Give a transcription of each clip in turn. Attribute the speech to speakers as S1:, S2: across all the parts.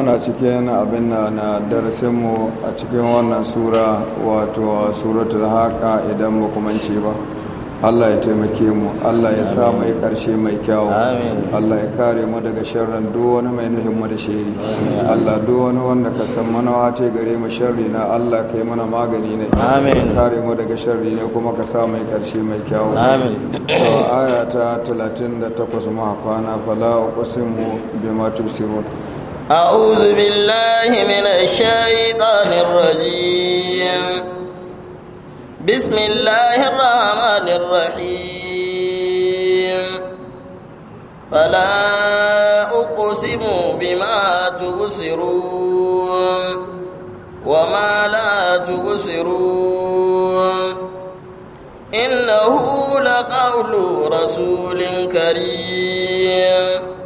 S1: muna cikin abin na na darasinmu a cikin wannan sura wato suratul haka idan ba kumance ba Allah ya taimake mu Allah ya sa mai karshe mai kyau Allah ya kare mu daga sharran duk wani mai nuhin mu da shiri Allah duk wani wanda ka san mana wace gare mu sharri na Allah kai mana magani ne amin kare mu daga sharri ne kuma ka sa mai karshe mai kyau amin to aya ta 38 ma kwana fala uqsimu bima tusirun أعوذ بالله من الشيطان الرجيم
S2: بسم الله الرحمن الرحيم فلا أقسم بما تبصرون وما لا تبصرون إنه لقول رسول كريم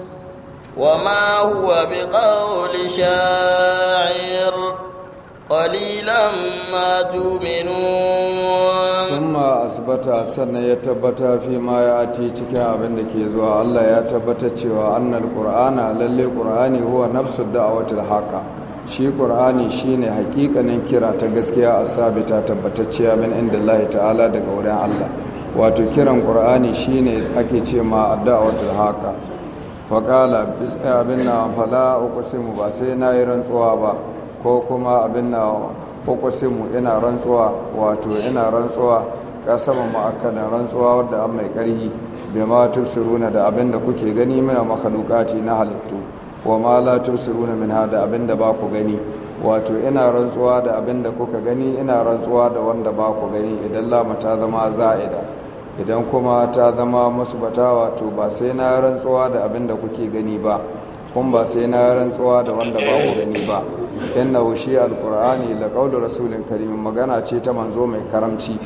S2: وما هو بقول شاعر قليلا ما تؤمنون
S1: ya أثبت fi يتبت فيما يأتي cikin abin da ke zuwa Allah ya tabbata cewa annal qur'ana lalle qur'ani huwa nafsu da'watil haqa shi Ƙur'ani shine hakikanin kira ta gaskiya a asabita tabbatacciya min inda ta'ala daga wurin Allah wato kiran Ƙur'ani shine ake ce ma da'watul haqa faƙala eh, abin na fala uƙusimu ba sai na yi rantsuwa ba ko kuma abin na uƙusimu ina rantsuwa wato ina rantsuwa ƙasaman ma'akadan rantsuwa wadda an mai ƙarhi bai ma tubsiruna da abin da kuke gani mina makalukati na halittu wa ma la tubsiruna min da abin da ba ku gani wato ina rantsuwa da abin da kuka gani ina rantsuwa da wanda ba ku gani idan lamata ta zama za'ida idan kuma ta zama musu batawa to ba sai na rantsuwa da abin da kuke gani ba kun ba sai na rantsuwa da wanda ba ku gani ba inna shi alqur'ani la qawlu rasulin karim magana ce ta manzo mai karamci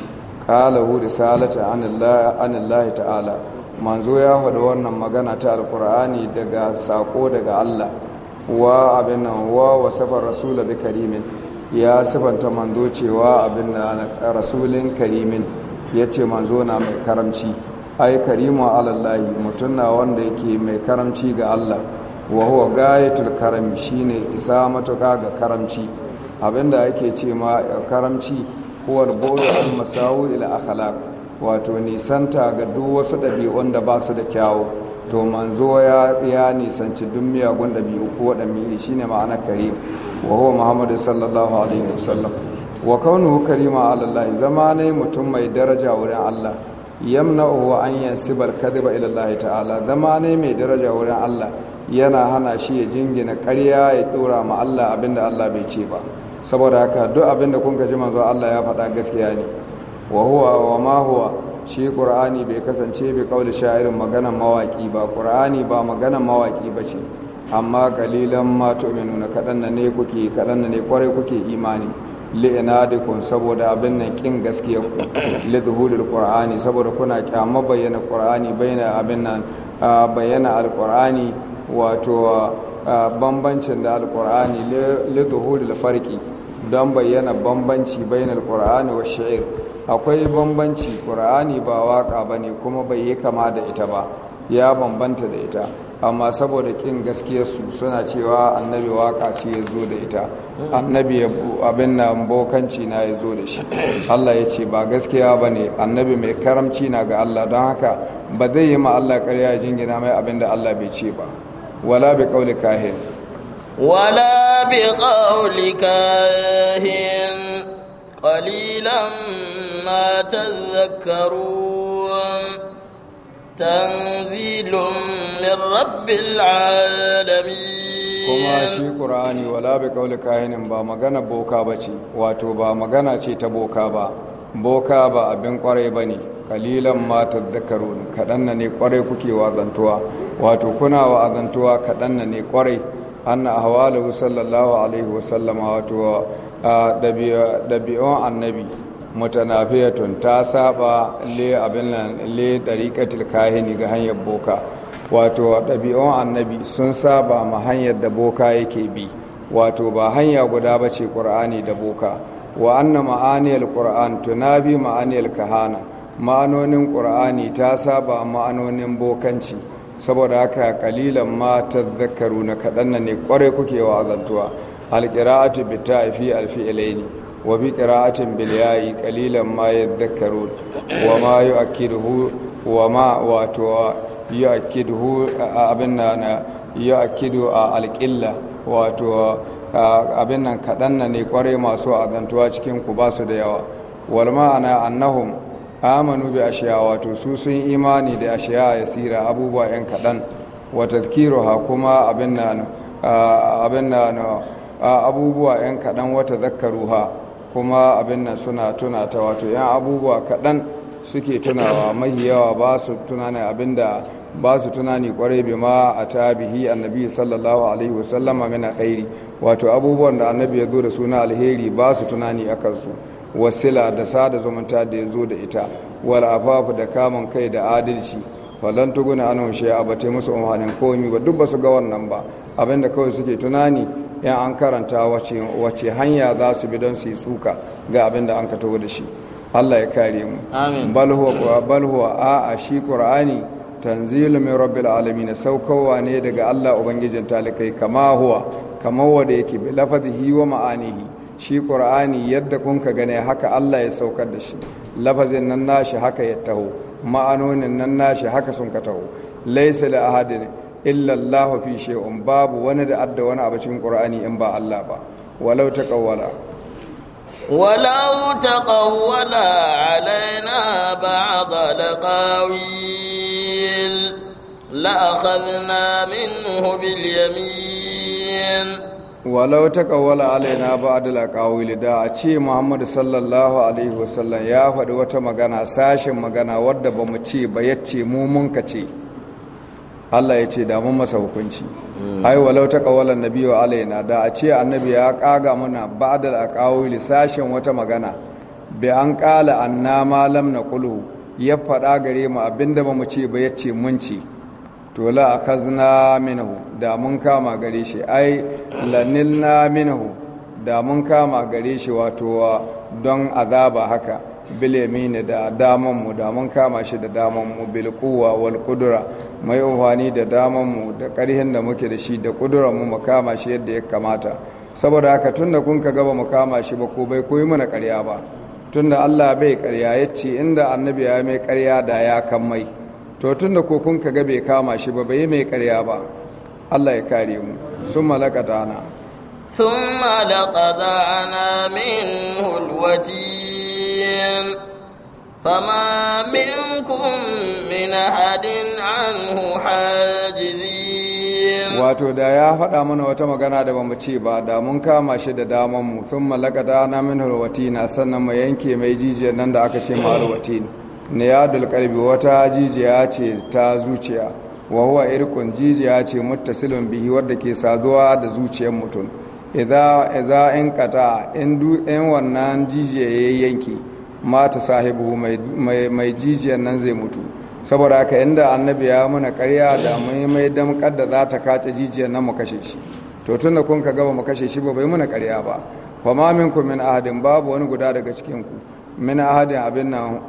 S1: qala hu risalata anillahi ta'ala manzo ya hada wannan magana ta alqur'ani daga sako daga Allah wa abin nan wa wasafar rasula bi karimin ya sifanta manzo cewa abin rasulin karimin ya ce manzo na mai karamci ai karimu alallahi mutum na wanda yake mai karamci ga allah wa huwa gayatul karami shine isa matuka ga karamci abinda ake ce ma karamci huwar bodo al masawu ila akhlaq wato nisanta ga duk wasu ɗabi'un da ba su da kyawu to manzo ya nisanci duk miyagun ɗabi'u ko shi shine ma'anar karim wa huwa muhammadu sallallahu alaihi wasallam wa kaunuhu karima alallahi zama ne mutum mai daraja wurin Allah yamna'u wa an yansibal kadhiba ila Allah ta'ala zama ne mai daraja wurin Allah yana hana shi ya jingina karya ya dora ma Allah abinda Allah bai ce ba saboda haka duk abinda kun ji manzo Allah ya faɗa gaskiya ne wa huwa wa ma huwa shi qur'ani bai kasance bai kauli sha'irin maganan mawaki ba qur'ani ba maganan mawaki ba ce amma kalilan ma tu'minuna kadan ne kuke kadan ne kware kuke imani li'inadikun saboda abin nan kin gaskiya ku li zuhuril qur'ani saboda kuna kyamar bayyana qur'ani bayyana abin nan bayyana alqur'ani wato bambancin da alqur'ani li zuhuril farqi don bayyana bambanci bayyana alqur'ani wa sha'ir akwai bambanci qur'ani ba waka bane kuma bai yi kama da ita ba ya bambanta da ita amma saboda ƙin gaskiyarsu suna cewa annabi waka ce ya zo da ita annabi abin na bokanci na ya zo da shi allah ya ce ba gaskiya ba ne annabi mai karamci na ga allah don haka ba zai yi ma allah karya ya jingina mai abin da allah bai ce ba wala bi kauli kahin
S2: wala bi ƙauli kahin ma tanzilun min rabbil alamin
S1: kuma shi qur'ani walabi bi qawli ba magana boka bace wato ba magana ce ta boka ba boka ba abin kwarai bane kalilan ma tadhakkarun kadan ne kwarai kuke wazantuwa wato kuna wazantuwa kadan ne kwarai anna ahwalahu sallallahu alaihi wa sallama wato dabi'un annabi mutanafiyatun ta saba le abin nan le dariƙatul kahini ga hanyar boka wato ɗabi'un annabi sun saba ma hanyar da boka yake bi wato ba hanya guda ba ce ƙur'ani da boka wa anna ma'aniyar ƙur'an tunabi ma'aniyar kahana ma'anonin ƙur'ani ta saba ma'anonin bokanci saboda haka kalilan ma ta zakaru na kaɗan ne ƙwarai kuke wa Alƙira alƙira'atu bi ta fi wa bi qira'atin bil ya'i qalilan wa ma wa ma wato abin wato abin nan ne kware masu azantuwa cikin ku ba su da yawa wal ma'ana annahum amanu bi ashiya wato su sun imani da ashiya abubuwa yan kaɗan kuma abin kuma abin nan suna tunata wato yan abubuwa kaɗan suke tunawa mai yawa ba su tunani abin da ba su tunani kwarai bi ma a tabihi annabi sallallahu alaihi wasallama min khairi wato abubuwan da annabi ya zo da suna alheri ba su tunani a kansu wasila da sada zumunta da ya zo da ita wal afafu da kamun kai da adalci falan tuguna anun shay'a ba musu umhanin komi ba duk ba su ga wannan ba abinda kawai suke tunani yan an karanta wace hanya za su bi don su yi tsuka ga abin da an ka taho da shi Allah ya kare mu balhuwa a a shi ƙur'ani tanzilu min rabbil alamin saukowa ne daga Allah ubangijin talikai kama huwa kama wanda yake bi lafazihi wa ma'anihi shi ƙur'ani yadda kun ka gane haka Allah ya saukar da shi lafazin nan nashi haka ya taho ma'anonin nan nashi haka sun ka taho laisa li ahadin illallahu fi shay'un babu wani da adda wani abu cikin qur'ani in ba Allah ba walau taqawwala
S2: walau taqawwala alaina ba'd alqawil la akhadna minhu bil yamin
S1: walau ta kawala alaina ba adala kawili da a ce muhammadu sallallahu alaihi wasallam ya faɗi wata magana sashen magana wadda bamu ce ba yace mu mun ka ce Allah ya ce damun masa hukunci ai walau ta nabi wa alaina da a ce annabi ya kaga mana ba'dal aqawili sashen wata magana bi an qala anna ma lam naqulu ya fada gare mu abinda ba mu ce ba yace mun ce to la akhazna minhu da mun kama gare shi ai lanilna minhu da mun kama gare shi wato don azaba haka bilemini da damanmu da mun kama shi da damanmu bilkuwa wal kudura mai amfani da damanmu da ƙarhin da muke da shi da kuduranmu mu kama shi yadda ya kamata saboda haka tun da kun ka gaba mu kama shi ba ko bai koyi mana ƙarya ba tun da allah bai ƙarya ya ce inda annabi ya mai ƙarya da ya kan mai to tun da ko kun ka bai kama shi ba bai mai ƙarya ba allah ya kare mu sun malakata na
S2: ثم لقطعنا منه الوتين السجن فما منكم من أحد عنه حاجزين
S1: wato da ya faɗa mana wata magana da bamu ce ba da mun kama shi da daman mu sun malakata na min na sannan mu yanke mai jijiyar nan da aka ce ma halwatina niyadul qalbi wata jijiya ce ta zuciya wa huwa irqun jijiya ce muttasilun bihi wadda ke saduwa da zuciyar mutum idza idza in qata in wannan jijiya ya yanke mata sahibu mai jijiyar nan zai mutu saboda haka inda annabi ya muna karya da mai mai damkar da za ta kace jijiyar nan mu kashe shi to tunda kun ka gaba mu kashe shi ba bai muna karya ba fa ma minkum min ahadin babu wani guda daga cikin ku min ahadin abin nan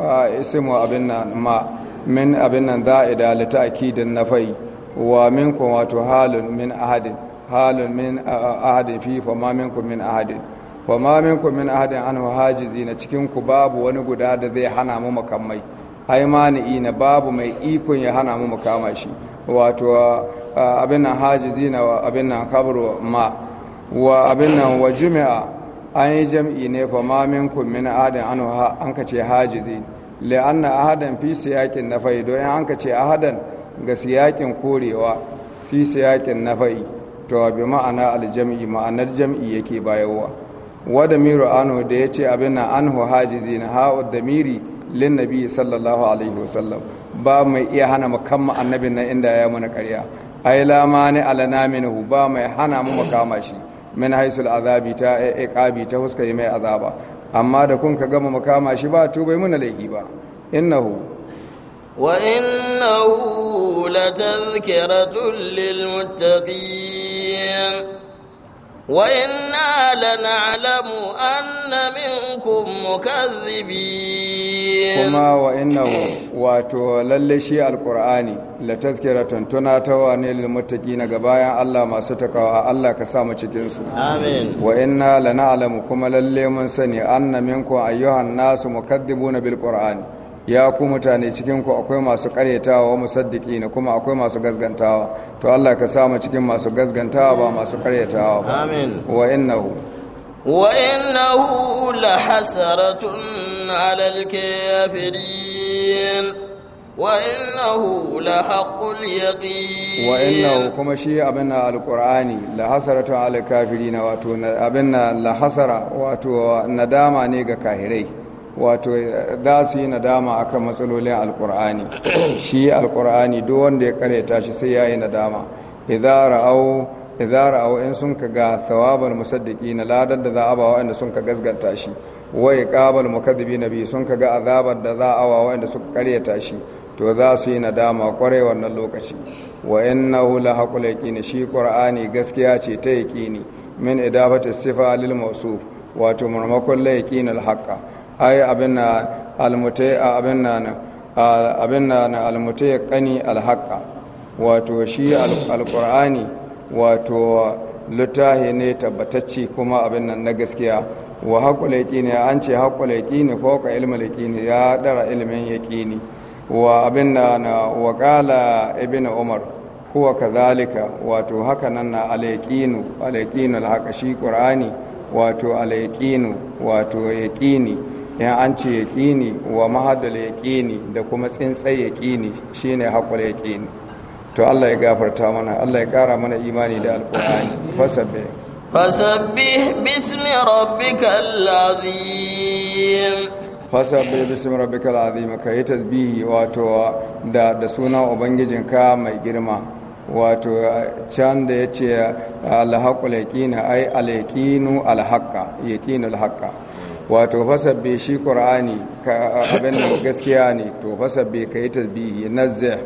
S1: ismu abin nan ma min abin nan za ida li ta'kidin nafai wa minkum wato halun min ahadin halun min ahadin fi fa ma minkum min ahadin wa ma minkum min ahadin anhu hajizina cikin ku babu wani guda da zai hana mu makamai haimani na babu mai ikon ya hana mu makama shi wato abin nan hajizina wa abin nan kabru ma wa abin nan wa jumi'a an yi jam'i ne fa ma minkum min ahadin anhu an ka ce hajizi li anna ahadan fi siyakin nafai don an ka ce ahadan ga siyakin korewa fi siyakin nafai to bi ma'ana aljam'i ma'anar jam'i yake bayarwa wada miru anhu da ya ce abin na anhu Haji na ha'ud da miri lin nabi sallallahu alaihi wasallam ba mai iya hana kamma annabin na inda ya mana karya ai lama ne alana minhu ba mai hana mu makama shi min haisul azabi ta iqabi eh, eh, ta huska mai azaba amma da kun ka gama makama shi ba to bai muna laifi ba innahu
S2: wa innahu latazkiratun lil وإنا لنعلم أن منكم مكذبين
S1: كما وإنه واتو للشي القرآن لتذكرة تناتوا للمتقين غبايا الله ما ستكوا الله كسامة cikinsu آمين وإنا لنعلم كما للي من سني أن منكم أيها الناس مكذبون بالقرآن ya ku mutane cikin ku akwai masu karyatawa musaddiki na kuma akwai masu gazgantawa to Allah ka sa mu cikin masu gazgantawa ba masu karyatawa ba amin wa innahu wa
S2: innahu la hasaratun ala al-kafirin وإنه لحق اليقين وإنه
S1: كما شيء أبنا القرآن لحسرة abin الكافرين واتو hasara لحسرة nadama ne ga kahirai. wato eh, za su yi nadama a akan matsalolin alkur'ani shi alkur'ani duk wanda ya karyata shi sai ya yi nadama idza ra'au idza sun ka ga kaga musaddiki na ladar da za a ba waɗanda sun ka gasganta shi wa iqabal na biyu sun kaga azabar da za a wa waɗanda suka karyata shi to za su yi nadama kwarai wannan lokaci wa hula haƙula yaƙi yaqini shi gaskiya ce ta yaƙini min idafati sifa lil wato marmakon la yaqinal haƙƙa. ai abin na almutai abin na abin na almutai kani alhaqa wato shi alqur'ani wato littahi ne tabbatacce kuma abin nan na gaskiya wa haƙul yaƙini an ce haƙul yaƙini ko ka ilmul yaƙini ya ɗara ilimin yaƙini wa abin na na waƙala ibn umar huwa kadhalika wato haka nan na alaƙinu alaƙinu alhaƙa shi ƙur'ani wato alaƙinu wato yaƙini in an ce ƙini wa mahadul ƙini da kuma tsintsai ne shine haƙul ƙini to Allah ya gafarta mana Allah ya ƙara mana imani da alƙur'ani fasabbe
S2: fasabbe bismi rabbi azim
S1: fasabbe bismi rabbikal azim ka yi tasbihi wato da da sunan ka mai girma wato can da ya alhaqul yaqina ay al yaqinu al wato fasabbe shi qur'ani abin da gaskiya ne to fasabbe ka yi tasbihi nazzih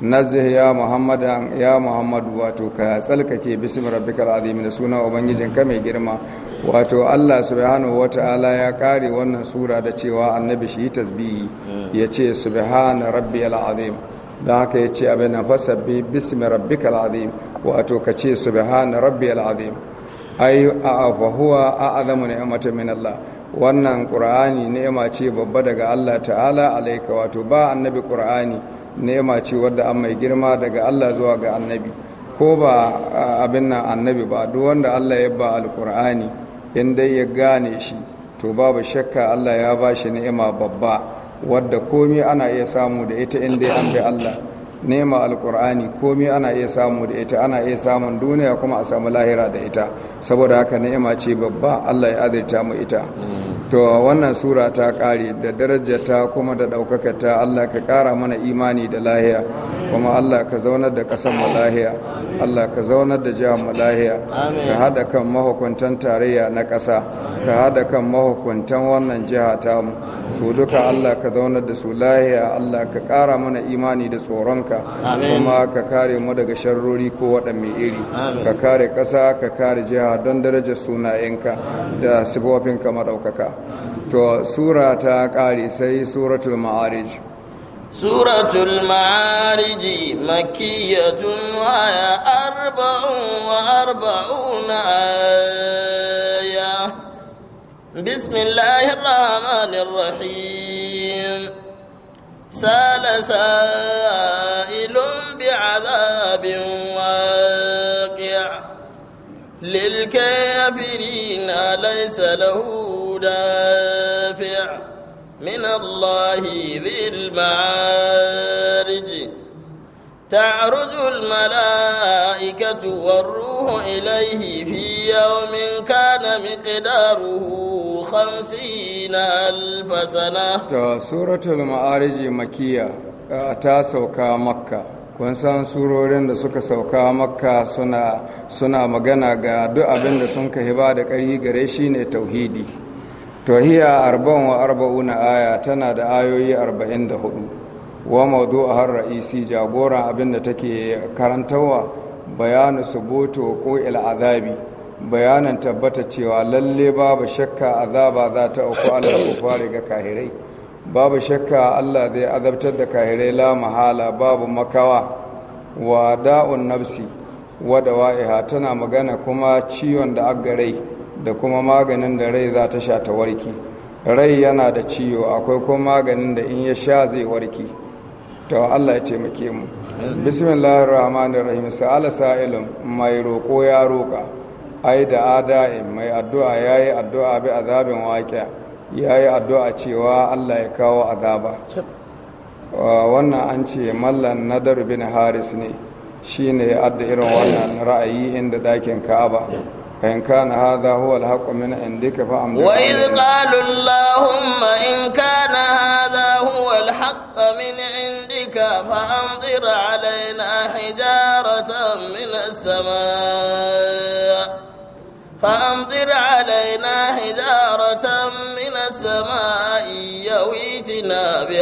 S1: nazzih ya muhammad ya muhammad wato ka tsalkake bismi rabbikal azim da suna ubangijin ka mai girma wato Allah subhanahu wataala ya kare wannan sura da cewa annabi shi tasbihi hmm. yace subhana rabbiyal azim da haka ya ce abin nan fasabbi bismi rabbikal azim wato ka ce subhana rabbiyal azim ai a fa huwa a'zamu ni'matan min Allah wannan ƙur'ani ni'ima ce babba daga Allah ta'ala alaika wato ba annabi ƙur'ani ni'ima ce wadda an mai girma daga Allah zuwa ga annabi ko ba abin nan annabi ba duk wanda Allah ya ba alƙur'ani in dai ya gane shi to babu shakka Allah ya ba shi ni'ima babba wadda komi ana iya samu da ita in dai an bi Allah nema alkur'ani Komi ana iya samu da ita ana iya samun duniya kuma a samu lahira da ita saboda haka ni'ima ce babba Allah ya azirta mu ita mm. to wannan sura ta kare da daraja ta kuma da ta, Allah ka kara mana imani da lahiya kuma Allah ka zaunar da ƙasar mu lahiya Allah ka zaunar da jihar mu lahiya ka haɗa kan mahukuntan tarayya na ƙasa ka haɗa kan mahukuntan wannan jiha ta mu su duka Allah ka zauna da su lahiya Allah ka ƙara mana imani da tsoronka kuma ka kare mu daga sharrori ko waɗanne iri ka kare ƙasa ka kare jiha don darajar sunayenka da sifofinka maɗaukaka to sura ta ƙare sai suratul ma'arij سورة المعارج مكية وهي
S2: أربع وأربعون آية بسم الله الرحمن الرحيم سال سائل بعذاب واقع للكافرين ليس له دافع من الله ذي المعارج تعرج الملائكة والروح إليه في يوم كان مقداره خمسين ألف سنة
S1: سورة المعارج مكية ta sauka makka kun surorin da suka sauka makka suna, suna magana ga duk abin da sun kai ba da ƙari gare shi ne tauhidi tohiya arba'un wa arba'una aya tana da ayoyi arba'in da hudu wa har ra'isi jagoran abin da take karantawa bayanu subutu ko il azabi bayanan tabbata cewa lalle babu shakka azaba za ta uku ku kufari ga kahirai babu shakka Allah zai azabtar da kahirai la mahala babu makawa wa da'un nafsi wa dawa'iha tana magana kuma ciwon da aggarai, da kuma maganin da rai za ta sha ta warki rai yana da ciwo akwai kuma maganin da in ya sha zai warki to Allah ya taimake mu bismillahir rahmanir rahim sa'ala sa'ilun mai roko ya roka ai da ada'in mai addu'a yayi addu'a bi azabin waqi'a yayi addu'a cewa Allah ya kawo azaba wannan an ce mallan nadar bin haris ne shine adda irin wannan ra'ayi inda dakin ka'aba فإن كان هذا هو الحق من عندك فأملك وإذ قالوا
S2: اللهم إن كان هذا هو الحق من أمطر علينا حجارة من السماء فأمطر علينا حجارة من na bi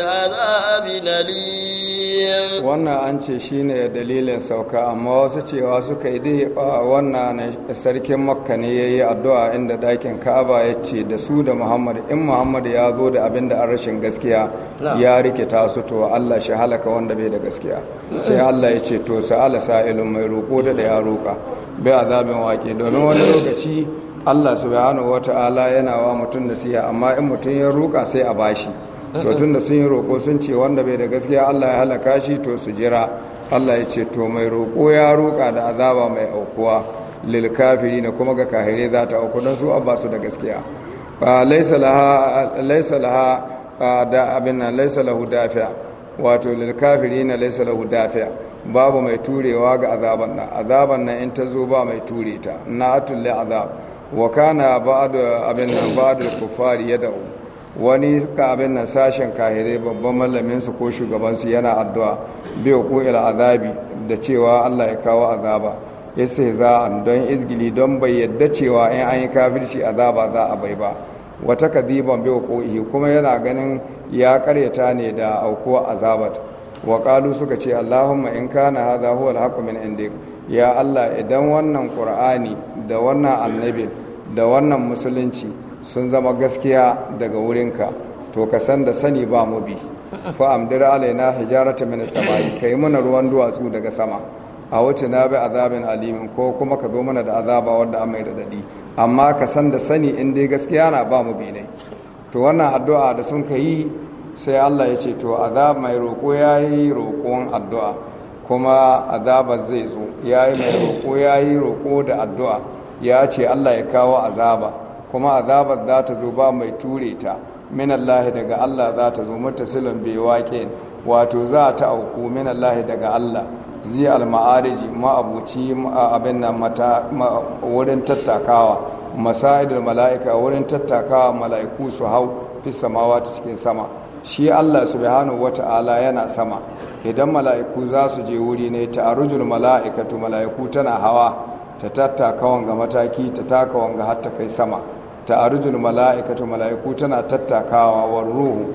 S1: wannan an ce shine dalilin sauka amma wasu cewa suka yi dai wannan sarkin makka ne yayi addu'a inda dakin ka'aba ya ce da su da muhammad in muhammad ya zo da abin da an rashin gaskiya ya rikita su to allah shi halaka wanda bai da gaskiya sai mm. allah ya ce to sa'ala sa'ilun mai roƙo da da ya roƙa bai azabin waƙe domin wani lokaci Allah subhanahu ta'ala yana wa mutum nasiha amma in mutum ya roƙa sai a bashi to tun da sun yi roƙo sun ce wanda bai da gaskiya Allah ya halaka shi to su jira Allah ya ce to mai roƙo ya roƙa da azaba mai aukuwa lil na kuma ga kahire za ta auku don su abba su da gaskiya laisa laha da abin nan laisa lahu dafiya wato lil na laisa lahu dafiya babu mai turewa ga azaban nan azaban nan in ta zo ba mai ture ta na atulle azab wa kana ba'd abin nan ba'd kufari kuffari yad'u wani ka abin nan sashen kahire babban mallaminsu ko shugabansu yana addu'a ku ila azabi da cewa allah ya kawo azaba ya za a don izgili don bai yadda cewa in an yi kafirci azaba za a bai ba wata kadiban bi ko ihi kuma yana ganin ya karyata ne da aukuwa azabat wa qalu suka ce allahumma in kana hadha huwa alhaq min indik ya allah idan wannan qur'ani da wannan Annabi, da wannan musulunci sun zama gaskiya daga wurinka to ka san da sani ba mu bi fa amdira alaina hijarata min samai kai mana ruwan duwatsu daga sama a wuce na bi azabin alimin ko kuma ka zo mana da azaba wanda an mai dadi. amma ka san da sani in dai gaskiya na ba mu bi ne to wannan addu'a da sun ka yi sai Allah ya ce to azab mai roƙo yayi roƙon addu'a kuma azaba zai zo yayi mai roƙo yayi roƙo da addu'a ya ce Allah ya kawo azaba kuma azabar za ta zo ba mai ture ta min Allah daga Allah za ta zo mutasilin bai wato za ta auku min Allah daga Allah zai alma'ariji ma'abuci abin nan mata wurin tattakawa masa'idar mala'ika wurin tattakawa mala'iku su hau fi samawa ta cikin sama shi Allah subhanahu wata'ala yana sama idan mala'iku za su je wuri ne ta arujul to mala'iku tana hawa ta tattakawan ga mataki ta taka wanga har ta kai sama ta'arujul mala'ikatu mala'iku tana tattakawa wa ruhu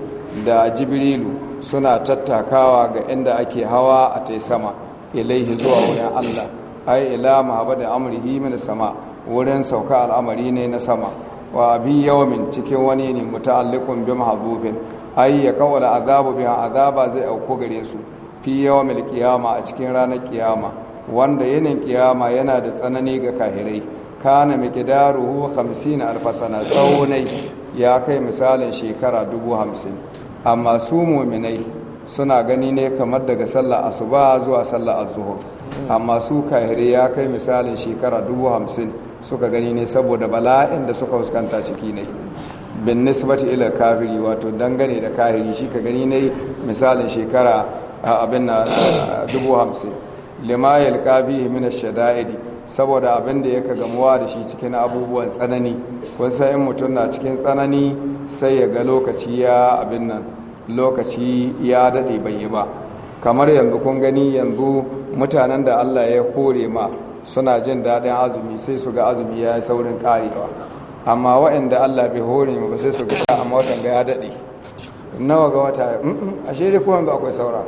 S1: da jibrilu suna tattakawa ga inda ake hawa a ta sama ilaihi zuwa wurin Allah ai ila mahabada amrihi min sama wurin sauka al'amari ne na sama wa bi yawmin cikin wani ne muta'alliqun bi mahbubin ai ya kawala azabu biha azaba zai auko gare su fi yawmil qiyama a cikin ranar kiyama wanda yanin kiyama yana da tsanani ga kahirai kana miqdaruhu 50 alfasana tsawonai ya kai misalin shekara dubu hamsin amma su muminai suna gani ne kamar daga sallar asuba zuwa sallar azuhur amma su kahiri ya kai misalin shekara dubu hamsin suka gani ne saboda bala'in da suka fuskanta ciki ne bin nisbati ila kafiri wato dangane da kahiri shi ka gani ne misalin shekara abin na dubu hamsin lima yalka bihi shada'idi saboda abin da yake gamuwa da shi cikin abubuwan tsanani wasu in mutum na cikin tsanani sai ya ga lokaci ya abin nan lokaci ya daɗe bai yi ba kamar yanzu kun gani yanzu mutanen da allah ya kore ma suna jin daɗin azumi sai su ga azumi ya yi saurin ƙarewa amma waɗanda allah bai hore ma ba sai su ga amma watan ga ya daɗe nawa ga wata ashe dai kowanne akwai saura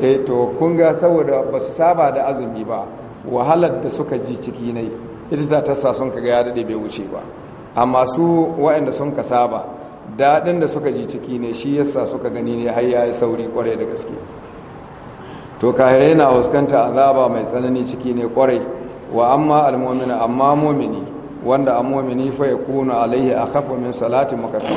S1: eh to kun ga saboda ba su saba da azumi ba wahalar da suka ji ciki ne ita ta tassa sun kaga ya dade bai wuce ba amma su waɗanda sun ka saba daɗin da suka ji ciki ne shi yasa suka gani ne har yayi sauri kwarai da gaske to kahirai na fuskanta azaba mai tsanani ciki ne kwarai wa amma almu'mina amma mu'mini wanda a mu'mini fa ya yakunu alaihi akhafu min salati makafi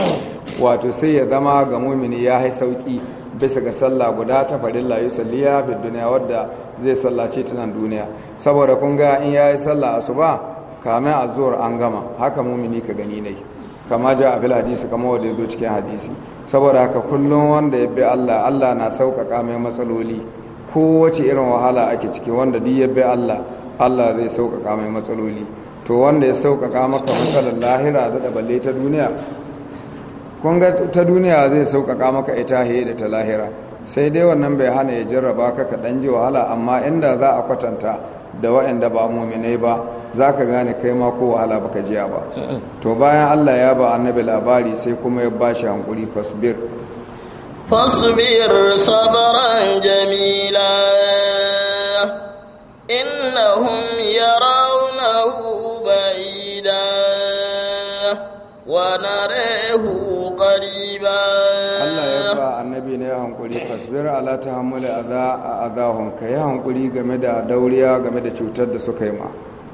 S1: wato sai ya zama ga mu'mini ya hai sauki bisa ga sallah guda ta farin layu salliya fi duniya wadda zai sallace ta nan duniya saboda kun ga in yayi sallah asuba kamin zuwar an gama haka mumini ka gani ne kama ja a fil hadisi kama wanda ya zo cikin hadisi saboda haka kullum wanda ya bi Allah Allah na sauƙaƙa mai matsaloli kowace irin wahala ake ciki wanda duk ya bi Allah Allah zai sauƙaƙa mai matsaloli to wanda ya sauƙaƙa maka matsalar lahira da balle ta duniya kun ta duniya zai sauƙaƙa maka ita he da ta lahira sai dai wannan bai hana ya jarraba ka ka ɗan ji wahala amma inda za a kwatanta da waɗanda ba muminai ba za ka gane kai ma ko wahala baka jiya ba to bayan allah ya ba annabi labari sai kuma ya ba shi hankuri fasbir
S2: fasbir jamila innahum yarawnahu ba'ida wa narahu قريبا
S1: الله يبا النبي ne hankuri fasbir ala tahammul adha adahum yi hankuri game da dauriya game da cutar da suka yi ma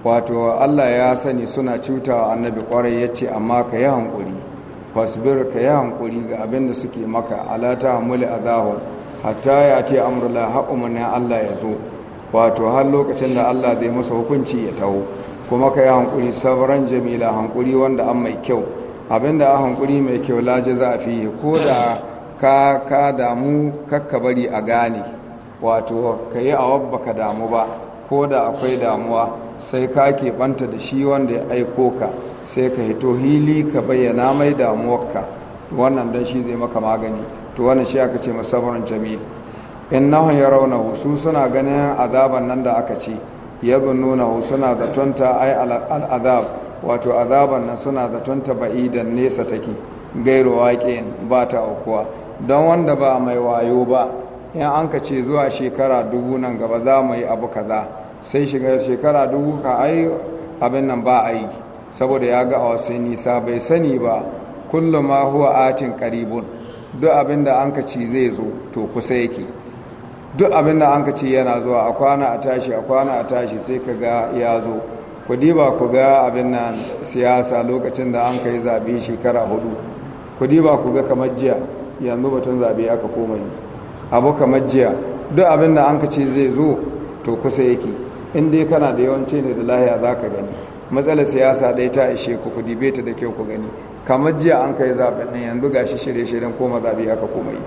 S1: wato Allah ya sani suna cutawa annabi kwarai yace amma ka kai hankuri fasbir yi hankuri ga abin da suke maka ala tahammul adahum hatta ya ce amrullah haƙumanin Allah ya zo wato har lokacin da Allah zai masa hukunci ya taho kuma ka yi hankuri sabaran jamila hankuri wanda an mai kyau abinda a hankuri mai kyau laje za a fi ko da ka ka damu kakka bari a gane wato ka yi awabba ka damu ba ko da akwai damuwa sai ka ke banta da shi wanda ya aiko ka sai ka hito hili ka bayyana mai damuwarka wannan don shi zai maka magani to wannan shi aka ce musabarin jamil ya rauna husu suna ganin azaban nan da aka ce yadhunnuna zaton ta ai al'azab wato azaban nan suna zaton ta da nesa take gairo waƙin ba ta aukuwa don wanda ba mai wayo ba in an ka ce zuwa shekara dubu nan gaba za mu yi abu kaza sai shiga shekara dubu ka ai abin nan ba a yi saboda ya ga a wasu nisa bai sani ba kullum ma huwa atin karibun duk abin da an ka ci zai zo to kusa yake duk abin da an ka ci yana zuwa a kwana a tashi a kwana a tashi sai ka ga ya zo ku diba ku ga abin nan siyasa lokacin da an kai zaɓe shekara hudu ku diba ku ga kamar jiya yanzu batun zaɓe aka koma yi abu kamar jiya duk abin da an ka ce zai zo to kusa yake in dai kana da yawanci ne da lahiya za ka gani matsalar siyasa ɗaya ta ishe ku ku dibe ta da kyau ku gani kamar jiya an kai zaɓen nan yanzu gashi shirye-shiryen koma zaɓe aka koma yi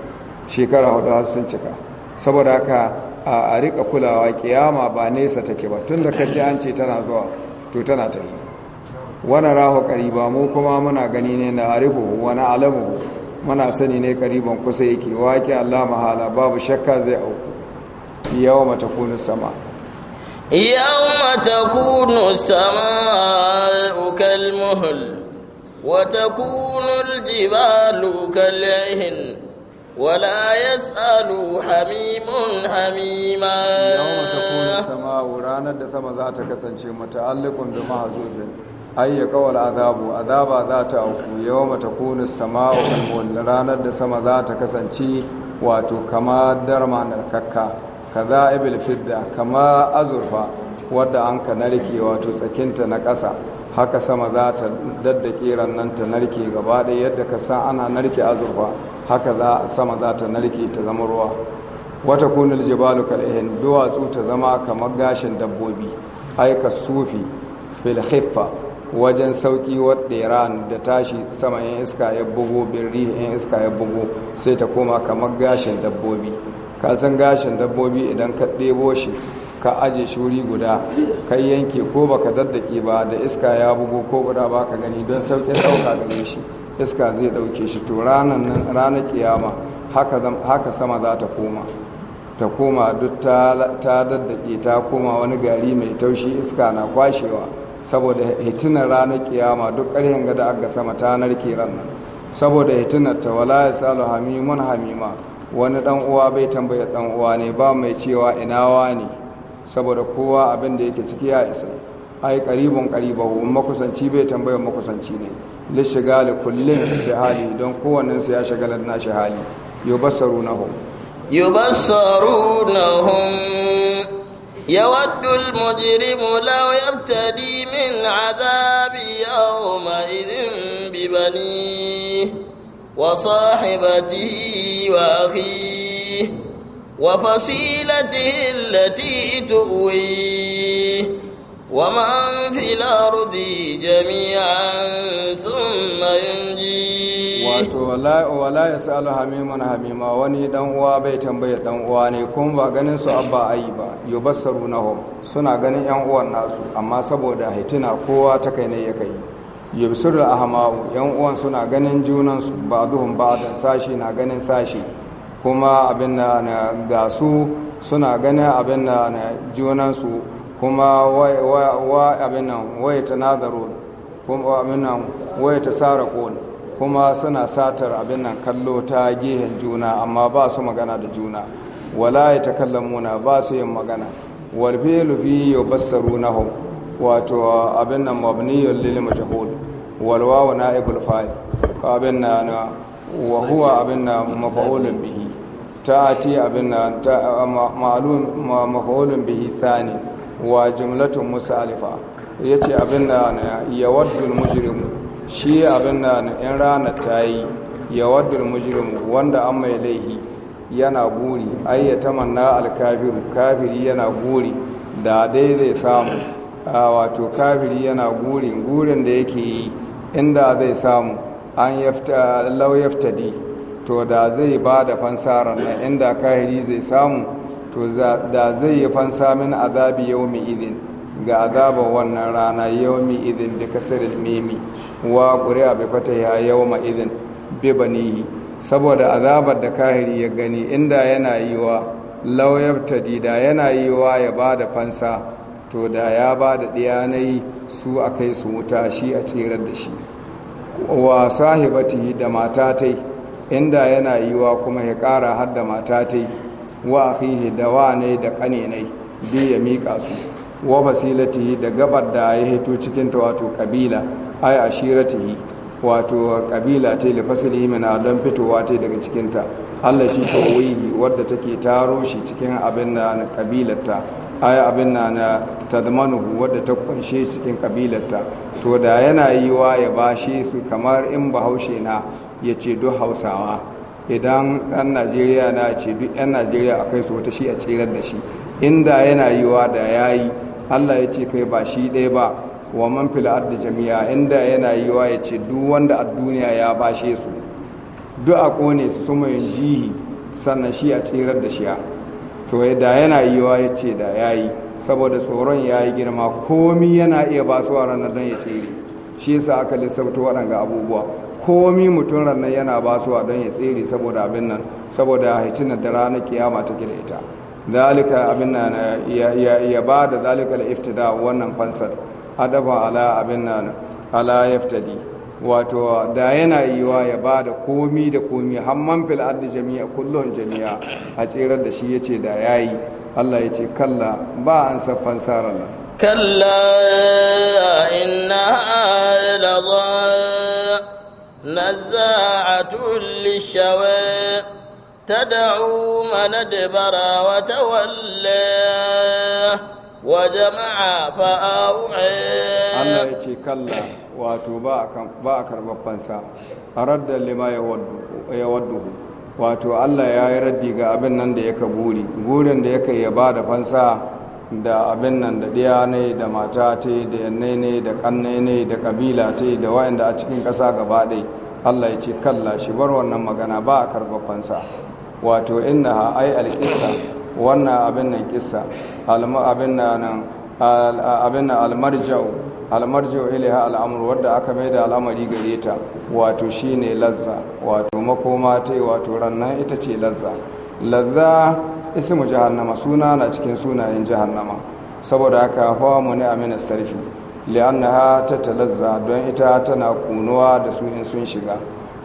S1: shekara hudu har sun cika saboda haka a rika kulawa kiyama ba nesa take ba tun da kaji an ce tana zuwa to tana ta yi wani rahu ƙariba mu kuma muna gani ne na arifu wani alamu muna sani ne ƙariban kusa yake waƙi allah mahala babu shakka zai auku yawon matakunin sama
S2: yawon matakunin sama ukalmuhul wata watakunin jibalu kalihin
S1: ولا يسأل حميم حميما يوم تكون السماء رانا da sama za ta kasance muta'alliqun bi mahzubin ay yaqawal azabu azaba za ta auku yawma takunu as-sama'u kal ranar da sama za ta kasance wato kama darma kakka kaza ibil fidda kama azurfa wadda an ka narke wato tsakinta na ƙasa haka sama za ta daddake rannan ta narke gaba ɗaya yadda ka san ana narke azurfa haka za sama za ta narke ta zama ruwa wata kunul jibalu kal'ihin duwatsu ta zama kamar gashin dabbobi aika sufi filhifa wajen sauki wadda da tashi sama yan iska ya bugu birri yan iska ya bugu sai ta koma kamar gashin dabbobi ka san gashin dabbobi idan ka ɗebo shi ka aje shuri guda kai yanke ko baka daddake ba da iska ya bugu ko guda ba ka gani don sauƙin ɗauka da shi iska zai ɗauke shi to ranar kiyama haka sama za ta koma ta koma duk ta daddake ta koma wani gari mai taushi iska na kwashewa saboda hitinar ranar kiyama duk ƙarhin gada aga sama ta narke ranar saboda hitinar ta wala ya salu hamimun hamima wani dan uwa bai tambaya dan uwa ne ba mai cewa ina wani saboda kowa abin da yake ciki ya isa ai karibun karibahu makusanci bai tambayar makusanci ne lishigali kullum da hali don kowaninsu ya shagala da nashi hali yubassaru na hun yubassaru na
S2: hun
S1: ya waddul
S2: mujirimu law min azabi yawma idin bibani wa sahibati wa akhi wa fasilati allati tuwi ومن في الأرض جميعا ثم ينجي
S1: wato wala ya sa'alu hamima wani dan uwa bai tambaya dan uwa ne kun ba ganin su abba ayi ba yubassaru nahum suna ganin yan uwan nasu amma saboda hitina kowa ta kai ne ya kai yubsiru ahma'u yan uwan suna ganin junan su ba ba'dan sashi na ganin sashi kuma abin na gasu suna ganin abin na junan su kuma wa abin nan waya ta nazaro kuma abin nan waya ta tsara ƙon kuma suna satar abin nan kallo ta gehen juna amma ba su magana da juna wala ya ta kallamuna ba su yin magana walfe lufi ya bassaru na hau wato abin nan mabniyar lil majhul walwawa na ibul fa'i abin nan wa huwa abin nan mafa'ulun bihi ta ati abin nan ma'lum mafa'ulun bihi thani wa jumlatun musalifa ya ce abin da ya waddul mujrimu shi abin da in rana ta yi ya waddul mujrimu wanda an mai laihi yana buri ai ya alkafiru kafiri yana buri da dai zai samu a wato kafiri yana guri gurin da yake yi inda zai samu an yafta lau yaftadi to da zai ba da fansarar na inda kahiri zai samu to da zai yi fansa min azabi yau mai idin ga azabar wannan rana yau mai idin bi kasar mimi wa ƙuri'a bi fata ya yau mai idin bi banihi saboda azabar da kahiri ya gani inda yana yi wa lauyar da yana yi wa ya ba da fansa to da ya ba da ɗiyanai su a kai su wuta shi a tserar da shi wa sahibati da matatai inda yana yi wa kuma ya ƙara har da matatai wa akhihi da wane da kanenai bi ya mika su wa fasilatihi da gabar da ya hito cikin ta wato kabila ay ashiratihi wato kabila ta li fasili mina don fitowa ta daga cikin ta Allah shi tawihi wadda take taro shi cikin abin da na kabilarta ay abin na na tadmanu wadda ta kunshe cikin kabilarta to da yana yiwa ya bashi su kamar in bahaushe na yace ce duk hausawa idan ɗan najeriya na ce duk ɗan najeriya a kai su wata shi a tseren da shi inda yana yiwa da ya yi allah ya ce kai ba shi ɗaya ba wa man fil ardi jami'a inda yana yiwa ya ce duk wanda a duniya ya bashe su duk a kone su su mai jihi sannan shi a tseren da shi to da yana yiwa ya ce da ya yi saboda tsoron ya yi girma komi yana iya ba su basuwa ranar don ya tsere shi yasa aka lissafta waɗanga abubuwa komi mutum rannan yana ba su don ya tsere saboda abin nan saboda na da ranar kiyama take da ita zalika abin nan ya ba da zalika da iftida wannan fansar adaba ala abin nan ala yaftadi wato da yana yiwa ya ba da komi da komi hamman fil da jami'a kullum jami'a a tsirar da shi yace da yayi Allah ya ce kalla ba an san fansar nan kalla inna
S2: la نزاعة للشواء تدعو من ادبر وتولى وجمع فأوعى الله
S1: يتي كلا واتو باكر ببنسا أرد لما يوده واتو Allah يا yi raddi ga abin nan da yaka buri burin da yaka ya da abin nan da ɗiya ne da mata te da yanne ne da ƙanne ne da ƙabila te da wa'anda a cikin ƙasa gaba ɗai allah ya ce kalla shi bar wannan magana ba a karɓar wato inna ha ai alƙissa wannan abin nan ƙissa abin nan abin nan almarjau almarjau ilaha al'amur wadda aka mai da al'amari gare ta wato shine lazza wato makoma te wato rannan ita ce lazza lazza ismu jahannama suna na cikin sunayen jahannama saboda haka hawa mu ne amina sarfi ta tatalazza don ita tana kunuwa da su in sun shiga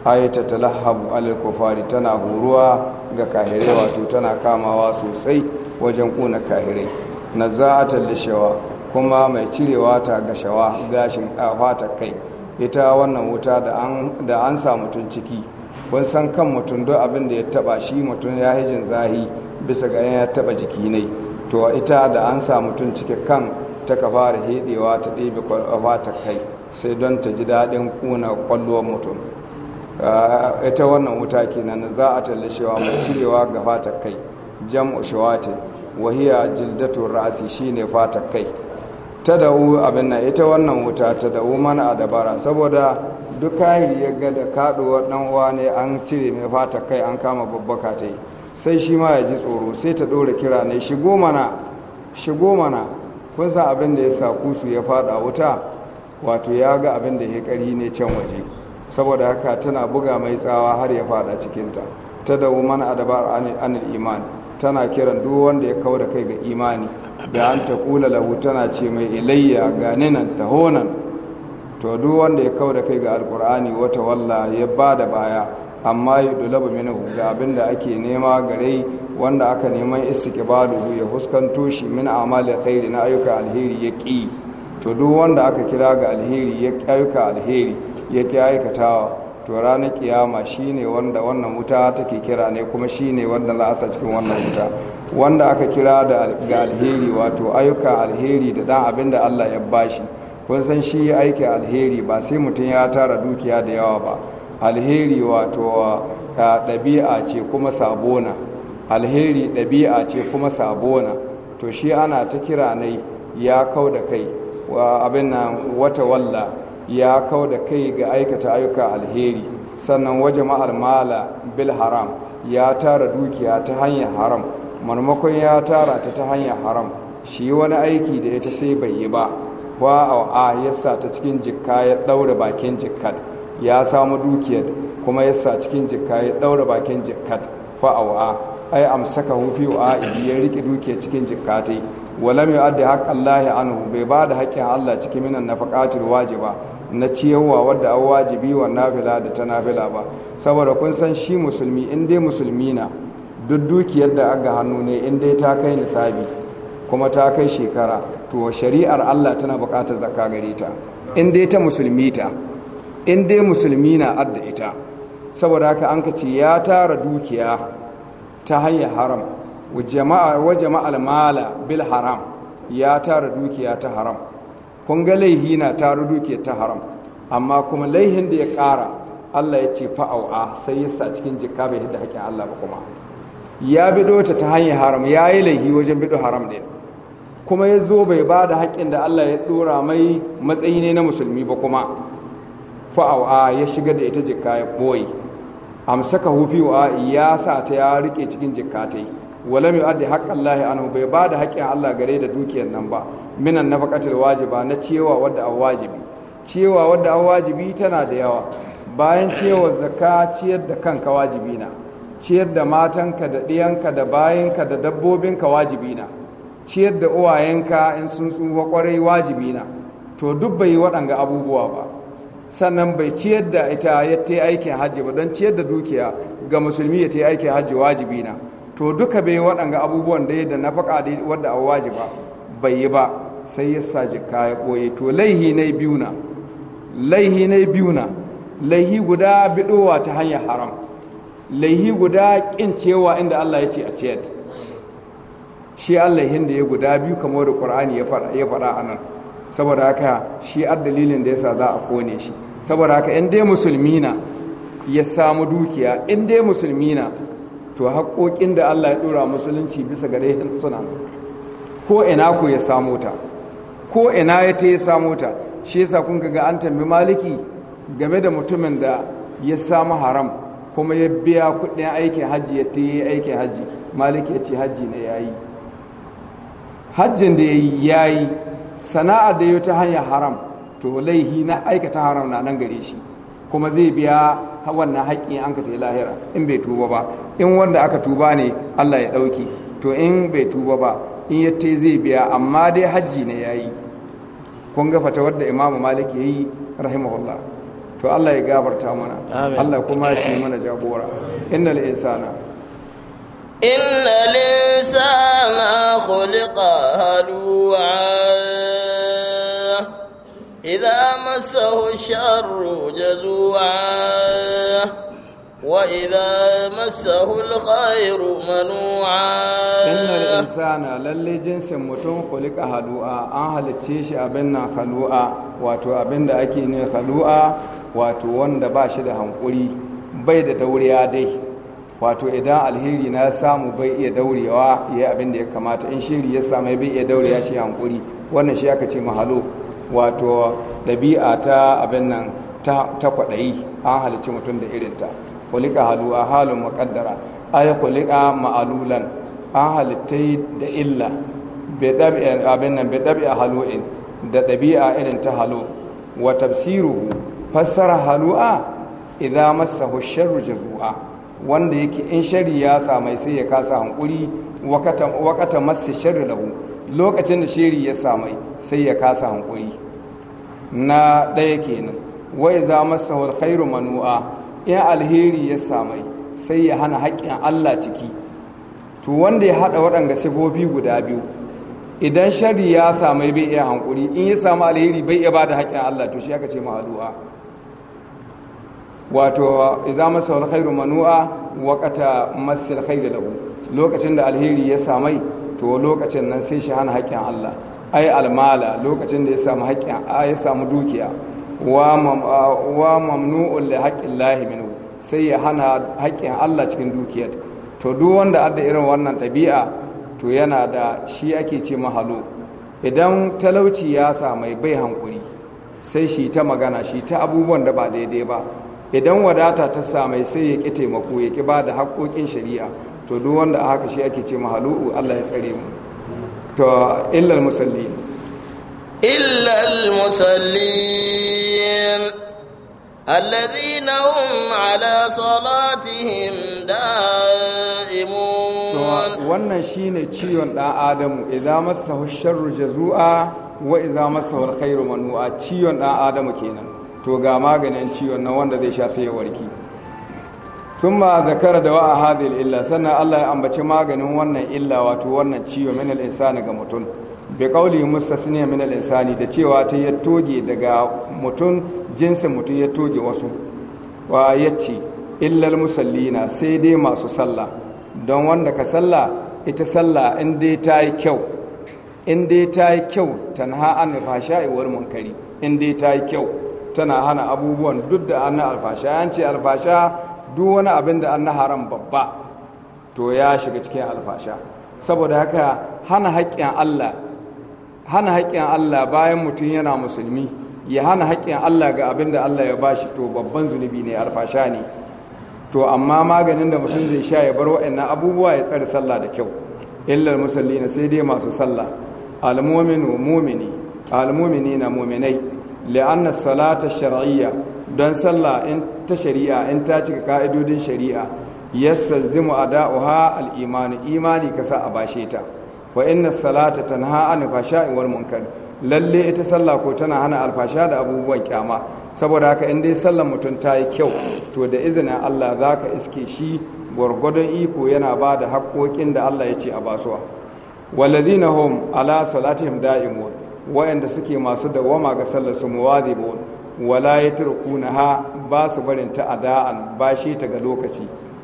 S1: ai tatalahabu alal tana horuwa ga kahirai wato tana kamawa sosai wajen kuna kahirai nazza'atan lishawa kuma mai cirewa ta gashawa gashin kafa ta kai ita wannan wuta da an sa mutum ciki kun san kan mutum duk abin da ya taba shi mutum ya hijin zahi bisa ga ya taba jiki ne to ita da an sa mutum kan ta ka fara hedewa ta ɗebe ta kai sai don ta ji daɗin kuna kwallon mutum ah, ita wannan wuta kenan za a tallashewa mai cirewa ga fata kai jam'u shawatin wahiya jildatu ra'asi shine fata kai ta dawo, abin nan ita wannan wuta ta da'u mana a dabara saboda duk kahiri ya ga da kaɗuwar ɗan uwa ne an cire mai fata kai an kama babbaka ta yi sai shi ma ya ji tsoro sai ta ɗora kira ne shigo mana shigo mana kun san abin da ya sa kusu ya fada wuta wato ya ga abin da ya ƙari ne can waje saboda haka tana buga mai tsawa har ya fada cikinta ta dawo mana adabar anil iman tana kiran duk wanda ya kawo da kai ga imani da an ta kula lahu tana ce mai ilayya ganinan tahonan to duk wanda ya kawo da kai ga alkur'ani wata walla ya ba da baya amma yi dulabu mini ga abin da ake nema gare wanda aka neman hu ya fuskanto shi min amali khairi na ayyuka alheri ya ƙi to duk wanda aka kira ga alheri ya ayyuka alheri ya ƙi aikatawa to ranar kiyama shine wanda wannan wuta take kira ne kuma shine wanda za a sa cikin wannan wuta wanda aka kira ga alheri wato ayyuka alheri da dan abin da Allah ya bashi kun san shi aiki alheri ba sai mutum ya tara dukiya da yawa ba alheri wato ɗabi'a ce kuma sabona alheri ɗabi'a ce kuma sabona to shi ana ta kira ya kau da kai abin nan wata walla ya kau da kai ga aikata ayyuka alheri sannan waje ma'almala bil haram ya tara dukiya ta hanyar haram marmakon ya tara ta ta hanyar haram shi wani aiki da ita sai bai yi ba wa a yasa ta cikin jikka ya ɗaura bakin jikkar ya samu dukiyar kuma ya sa cikin jikka ya daura bakin jikkat fa'awa ai amsaka hufi wa ya rike dukiyar cikin jikka ta walam yu'addi ya anu? bai ba da haƙƙin Allah cikin minan nafaqatil wajiba na ciyarwa wadda an wajibi wa nafila da ta nafila ba saboda kun san shi musulmi in dai musulmi na duk dukiyar da aga hannu ne in dai ta kai nisabi kuma ta kai shekara to shari'ar Allah tana buƙatar zakka gare ta in dai ta musulmi ta in dai musulmi na adda ita saboda haka an ka ce ya tara dukiya ta hanyar haram wa jama'al mala bil haram ya tara dukiya ta haram kun ga laihi na tara dukiya ta haram amma kuma laihin da ya ƙara Allah ya ce fa'au'a sai ya sa cikin jikka bai hidda haƙƙin Allah ba kuma ya bido ta ta hanyar haram ya yi laihi wajen bido haram ɗin kuma ya zo bai ba da haƙƙin da Allah ya ɗora mai matsayi ne na musulmi ba kuma wa ya shiga da ita jikka ya boye ka hufi wa ya sa ta ya rike cikin jikka ta yi wala mai adda lahi anhu bai ba da haƙƙin Allah gare da dukiyar nan ba minan nafaqatil wajiba na cewa wadda an wajibi cewa wadda an wajibi tana da yawa bayan cewa zakka ciyar da kanka wajibi na ciyar da matanka da ɗiyanka da bayanka da dabbobinka wajibi na ciyar da uwayenka in sun tsufa kwarai wajibi na to duk bai yi waɗanga abubuwa ba sannan bai ciyar da ita ya ta aikin hajji ba don ciyar da dukiya ga musulmi ya ta aikin hajji wajibi na to duka bai waɗanga abubuwan da da da wadda a wajiba bai yi ba sai ya sa jikka ya ɓoye to laihi na biyu na laihi na biyu na laihi guda biɗowa ta hanyar haram laihi guda ƙin cewa inda Allah ya ce a ciyar shi Allah da ya guda biyu kamar da Qur'ani ya faɗa a nan saboda haka shi ar dalilin da yasa za a kone shi saboda haka in dai musulmi na ya samu dukiya in dai musulmi na to haƙoƙin da Allah ya ɗora musulunci bisa gare suna ko ina ku ya samu ta ko ina ya ta ya samu ta shi yasa kun ga an tambi maliki game da mutumin da ya samu haram kuma ya biya kuɗin aikin hajji ya ta yi aikin hajji maliki ya ce hajji na yayi hajjin da ya yi yayi sana'ar da ya ta hanyar haram to laihi na aikata haram na nan gare shi kuma zai biya wannan haƙƙi an ka lahira in bai tuba ba in wanda aka tuba ne Allah ya ɗauki to in bai tuba ba in ya zai biya amma dai hajji ne ya yi kun ga fata wadda imamu malik ya yi rahimahullah to Allah ya gabarta mana Allah kuma shi mana jagora innal insana
S2: innal insana إذا مسه الشر جزوعا وإذا مسه الخير منوعا
S1: إن الإنسان للي جنس متون خلق هلوعا أن تشيش أبنا خلوعا واتو أبن دا أكيني خلوعا واتو واند باشد هم هنقلي بيد دوري دي wato idan alheri na samu bai iya daurewa ya abin da ya kamata in shiri ya samu bai iya daurewa shi hankuri wannan shi aka ce mahalo wato ɗabi'a ta abin nan ta kwaɗayi an halicci mutum da irinta kulika halu a halin muƙaddara ai kulika ma'alulan an halittai da illa abin nan bai ɗabi'a halu'in da ɗabi'a irin ta halu wa tafsiru fassara halu'a idan masa sharru zuwa wanda yake in shari ya samai sai ya kasa hankuri wakata masa shari lahu lokacin da shiri ya samai sai ya kasa hankuri na ɗaya kenan wai za masa alkhairu manu'a in alheri ya samai sai ya hana haƙƙin Allah ciki to wanda ya haɗa waɗanga sifofi guda biyu idan shari ya samai bai iya hankuri in ya samu alheri bai iya ba da haƙƙin Allah to shi aka ce mahadu'a wato idza masa alkhairu manu'a waqata masal khairu lahu lokacin da alheri ya samai to lokacin nan sai shi hana haƙƙin Allah ai almala lokacin da ya samu haƙƙin ya samu dukiya wa mamnu'un li haƙƙin lahi sai ya hana haƙƙin Allah cikin dukiyar to duk wanda adda irin wannan ɗabi'a to yana da shi ake ce mahalo idan talauci ya mai bai hankuri sai shi ta magana shi ta abubuwan da ba daidai ba idan wadata ta samai sai ya ƙi taimako ya ƙi ba da haƙoƙin shari'a to duk wanda haka shi ake ce mahalu'u Allah ya tsare mu to illal musallin illal
S2: musallin alladhina hum ala salatihim da'imun
S1: wannan shine ciwon dan adamu idza massahu sharru jazua wa idza massahu alkhairu manua ciwon dan adamu kenan to ga maganin ciwon nan wanda zai sha sai ya warki sun ba zakara dawa hadil illa sannan Allah ya ambaci maganin wannan illa wato wannan ciwo min al'insani ga mutum bi Musa mustasniya min al'insani da cewa ta ya toge daga mutum jinsin mutum ya toge wasu wa yace musalli na sai dai masu sallah don wanda ka sallah ita sallah in dai ta yi kyau in dai ta yi kyau tanha an munkari in dai ta yi kyau tana hana abubuwan duk da an alfasha an ce alfasha duk wani abin da an haram babba to ya shiga cikin alfasha saboda haka hana haƙƙin Allah hana haƙƙin Allah bayan mutum yana musulmi ya hana haƙƙin Allah ga abin da Allah ya bashi to babban zunubi ne alfasha ne to amma maganin da mutum zai sha ya bar waɗannan abubuwa ya tsare sallah da kyau illal musallina sai dai masu sallah almuminu mumini almumini na muminai li'anna salata shar'iyya don sallah in ta shari'a in ta cika ka'idodin shari'a yassal zimu a da'uha al'imani imani ka sa a bashe ta wa inna salata tanha an fasha'in wal munkar lalle ita sallah ko tana hana alfasha da abubuwan kyama saboda haka in dai sallar mutum ta yi kyau to da izinin Allah za ka iske shi gwargwadon iko yana ba da haƙoƙin da Allah ya ce a basuwa na hum ala salatihim da'imun wayanda suke masu dawama ga sallar su muwadhibun wala ya turkuna ha ba su barin ta ada'an ba shi ta ga lokaci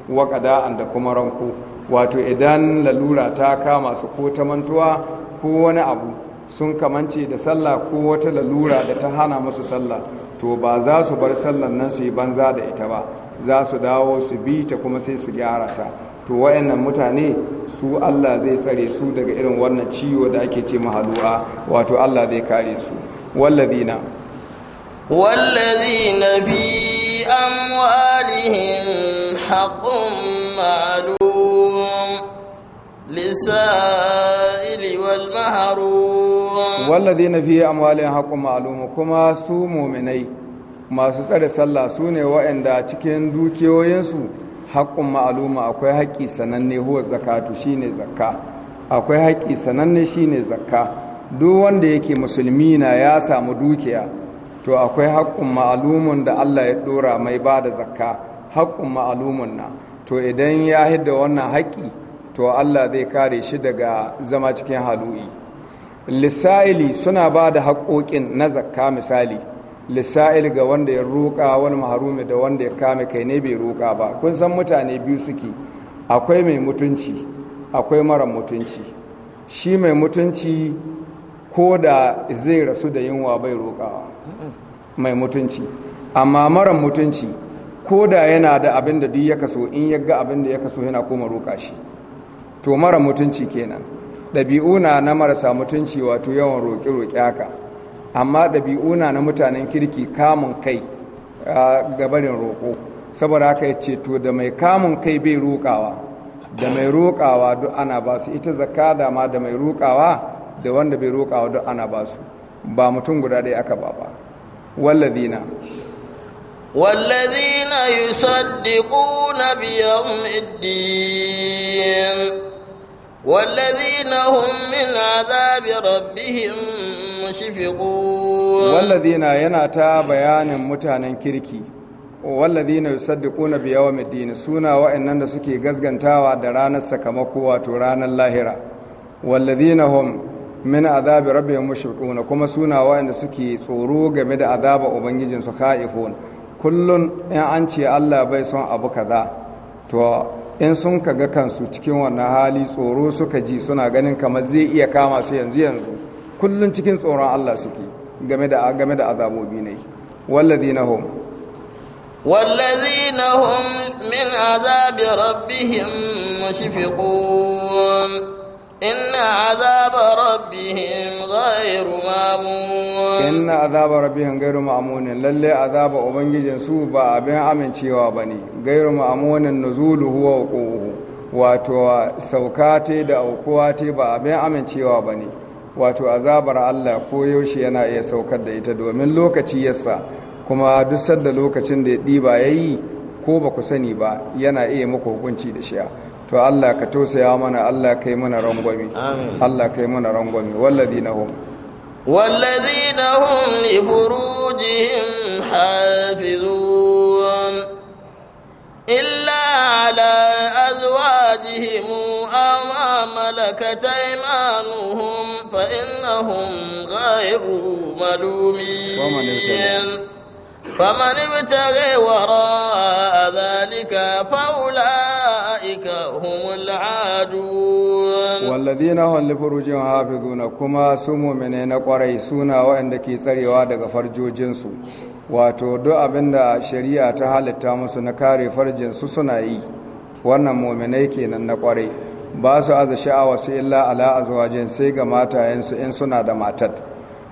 S1: wa da kuma ranko wato idan lalura ta kama su ko ta mantuwa ko wani abu sun kamance da sallah ko wata lalura da ta hana musu sallah to ba za su bar sallan nan su yi banza da ita ba za su dawo su bi ta kuma sai su gyara ta to wayannan mutane su Allah zai tsare su daga irin wannan ciwo da ake ce mahalu'a wato Allah zai kare su wallazina والذين في أموالهم
S2: حق معلوم للسائل والمحروم
S1: والذين في أموالهم حق معلوم كما سو مؤمني masu tsare sallah sune waɗanda cikin dukiyoyinsu haƙƙun ma'aluma akwai haƙƙi sananne huwa zakatu shine zakka akwai haƙƙi sananne shine zakka duk wanda yake musulmi na ya samu dukiya to akwai haƙƙun ma'alumun da Allah ya ɗora mai ba da zakka haƙƙun ma'alumun na to idan ya hidda wannan haƙƙi to Allah zai kare shi daga zama cikin halu'i lissa'ili suna ba da haƙƙoƙin na zakka misali lissa'ili ga wanda ya roƙa wani maharumi da wanda ya kame kai ne bai roƙa ba kun san mutane biyu suke akwai mai mutunci akwai mara mutunci shi mai mutunci ko da zai rasu da yunwa bai roƙawa mai mutunci amma mara mutunci ko da yana da abin da duk ya kaso in ya ga abin da ya kaso yana koma roƙa shi to mara mutunci kenan ɗabi'u na na marasa mutunci wato yawan roƙe-roƙe haka amma ɗabi'u na na mutanen kirki kamun kai gabarin roƙo saboda haka ya ce to da mai kamun kai bai roƙawa da mai roƙawa duk ana ba su ita zakka da ma da mai roƙawa da wanda bai roƙa wa duk ana ba su ba mutum guda ɗaya aka ba ba Walladina. Walladina
S2: yusaddiquna bi yawmiddin wallazina hum min azabi rabbihim mushfiqun
S1: wallazina yana ta bayanin mutanen kirki wallazina yusaddiquna bi yawmiddin suna wa'annan da suke gazgantawa da ranar sakamako wato ranar lahira Walladina hum min azabi rabbihim mushrikuna kuma suna wa'anda suke tsoro game da azaba ubangijin su khaifun kullun in an ce Allah bai son abu kaza to in sun kaga kansu cikin wannan hali tsoro suka ji suna ganin kamar zai iya kama su yanzu yanzu kullun cikin tsoron Allah suke game da game da azabobi ne walladina hum
S2: walladina hum min azabi rabbihim mushfiqun inna عذاب ربهم غير مامون Inna
S1: عذاب ربهم غير مامون ba عذاب أبنجي ba abin amincewa ba ne. بني غير na نزول هو وقوه wato saukate da aukuwate ba abin amincewa ba ne wato azabar Allah ko yaushe yana iya saukar da ita domin lokaci yasa kuma duk sanda lokacin da ya ɗiba ya yi ko ba ku sani ba yana iya muku hukunci da shi'a to Allah ka tausaya mana Allah ka yi mana rangwami Allah ka yi mana rangwami walladina hum walladina
S2: hum li furujihim hafizun illa ala azwajihim aw ma malakat aymanuhum fa innahum ghayru malumin فمن ابتغي وراء ذلك فأولئك la'adun
S1: walladina hum li furujin hafizuna kuma su mu'mine na kwarai suna waɗanda ke tsarewa daga farjojinsu wato duk abinda shari'a ta halitta musu na kare farjin su suna yi wannan mu'minai kenan na kwarai ba su aza sha'awa su illa ala azwajin sai ga matayensu in suna da matar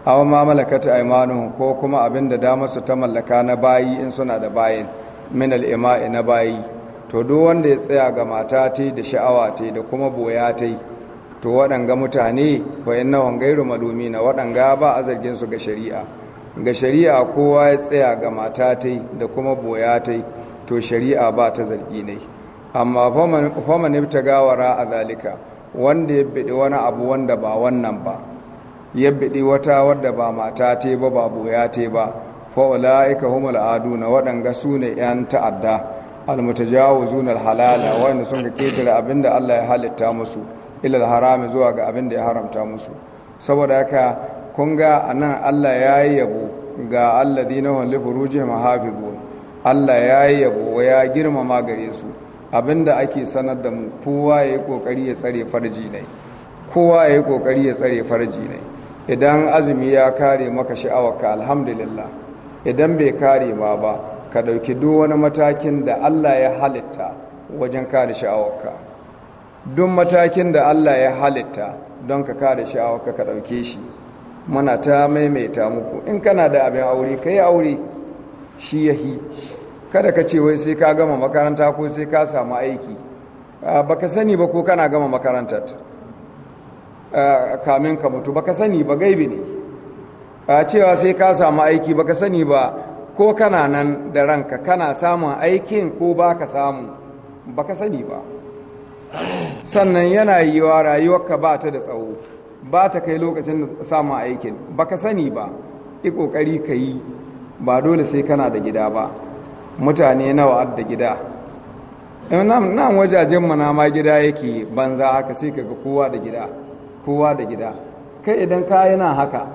S1: awa ma malakat aymanuhum ko kuma abinda da su ta mallaka na bayi in suna da bayin min al-ima'i na bayi to duk wanda ya tsaya ga mata ta da sha'awa ta da kuma boya ta to waɗanga mutane bayan nawan gairu malumi na waɗanga ba a zargin su ga shari'a ga shari'a kowa ya tsaya ga mata ta da kuma boya ta to shari'a ba ta zargi ne amma ne ta gawara a zalika wanda ya biɗi wani abu wanda ba wannan ba ya biɗi wata wadda ba mata ta ba ba boya ta ba fa'ula'ika humul aduna waɗanga su ne 'yan ta'adda almutajawizuna alhalala wanda sun ga ketare abinda Allah ya halitta musu ila harami zuwa ga abinda ya haramta musu saboda haka kun ga anan Allah ya yi yabo ga alladina hum li furujihim hafizun Allah ya yi yabo ya girmama gare su abinda ake sanar da mu kowa ya yi kokari ya tsare farji ne kowa ya kokari ya tsare farji ne idan azumi ya kare maka sha'awarka alhamdulillah idan bai kare ma ba ka ɗauki duk wani matakin da Allah ya halitta wajen kare sha'awarka duk matakin da Allah ya halitta don ka kare sha'awarka ka ɗauke shi mana ta maimaita muku in kana da abin aure ka yi aure shi ya hi kada ka ce wai sai ka gama makaranta ko sai ka samu aiki Ba ka sani ba ko kana gama makarantar kamin ka mutu ba ka sani ba gaibi ne a cewa sai ka samu aiki ba ka sani ba ko kana nan da ranka kana samun aikin ko ba ka samu ba ka sani ba sannan yana yiwa rayuwarka ba ta da tsawo ba ta kai lokacin da samun aikin ba ka sani ba yi ƙoƙari ka yi ba dole sai kana da gida ba mutane nawa da gida nan wajajen mana ma gida yake banza haka sai kaga kowa da gida kowa da gida kai idan ka nan haka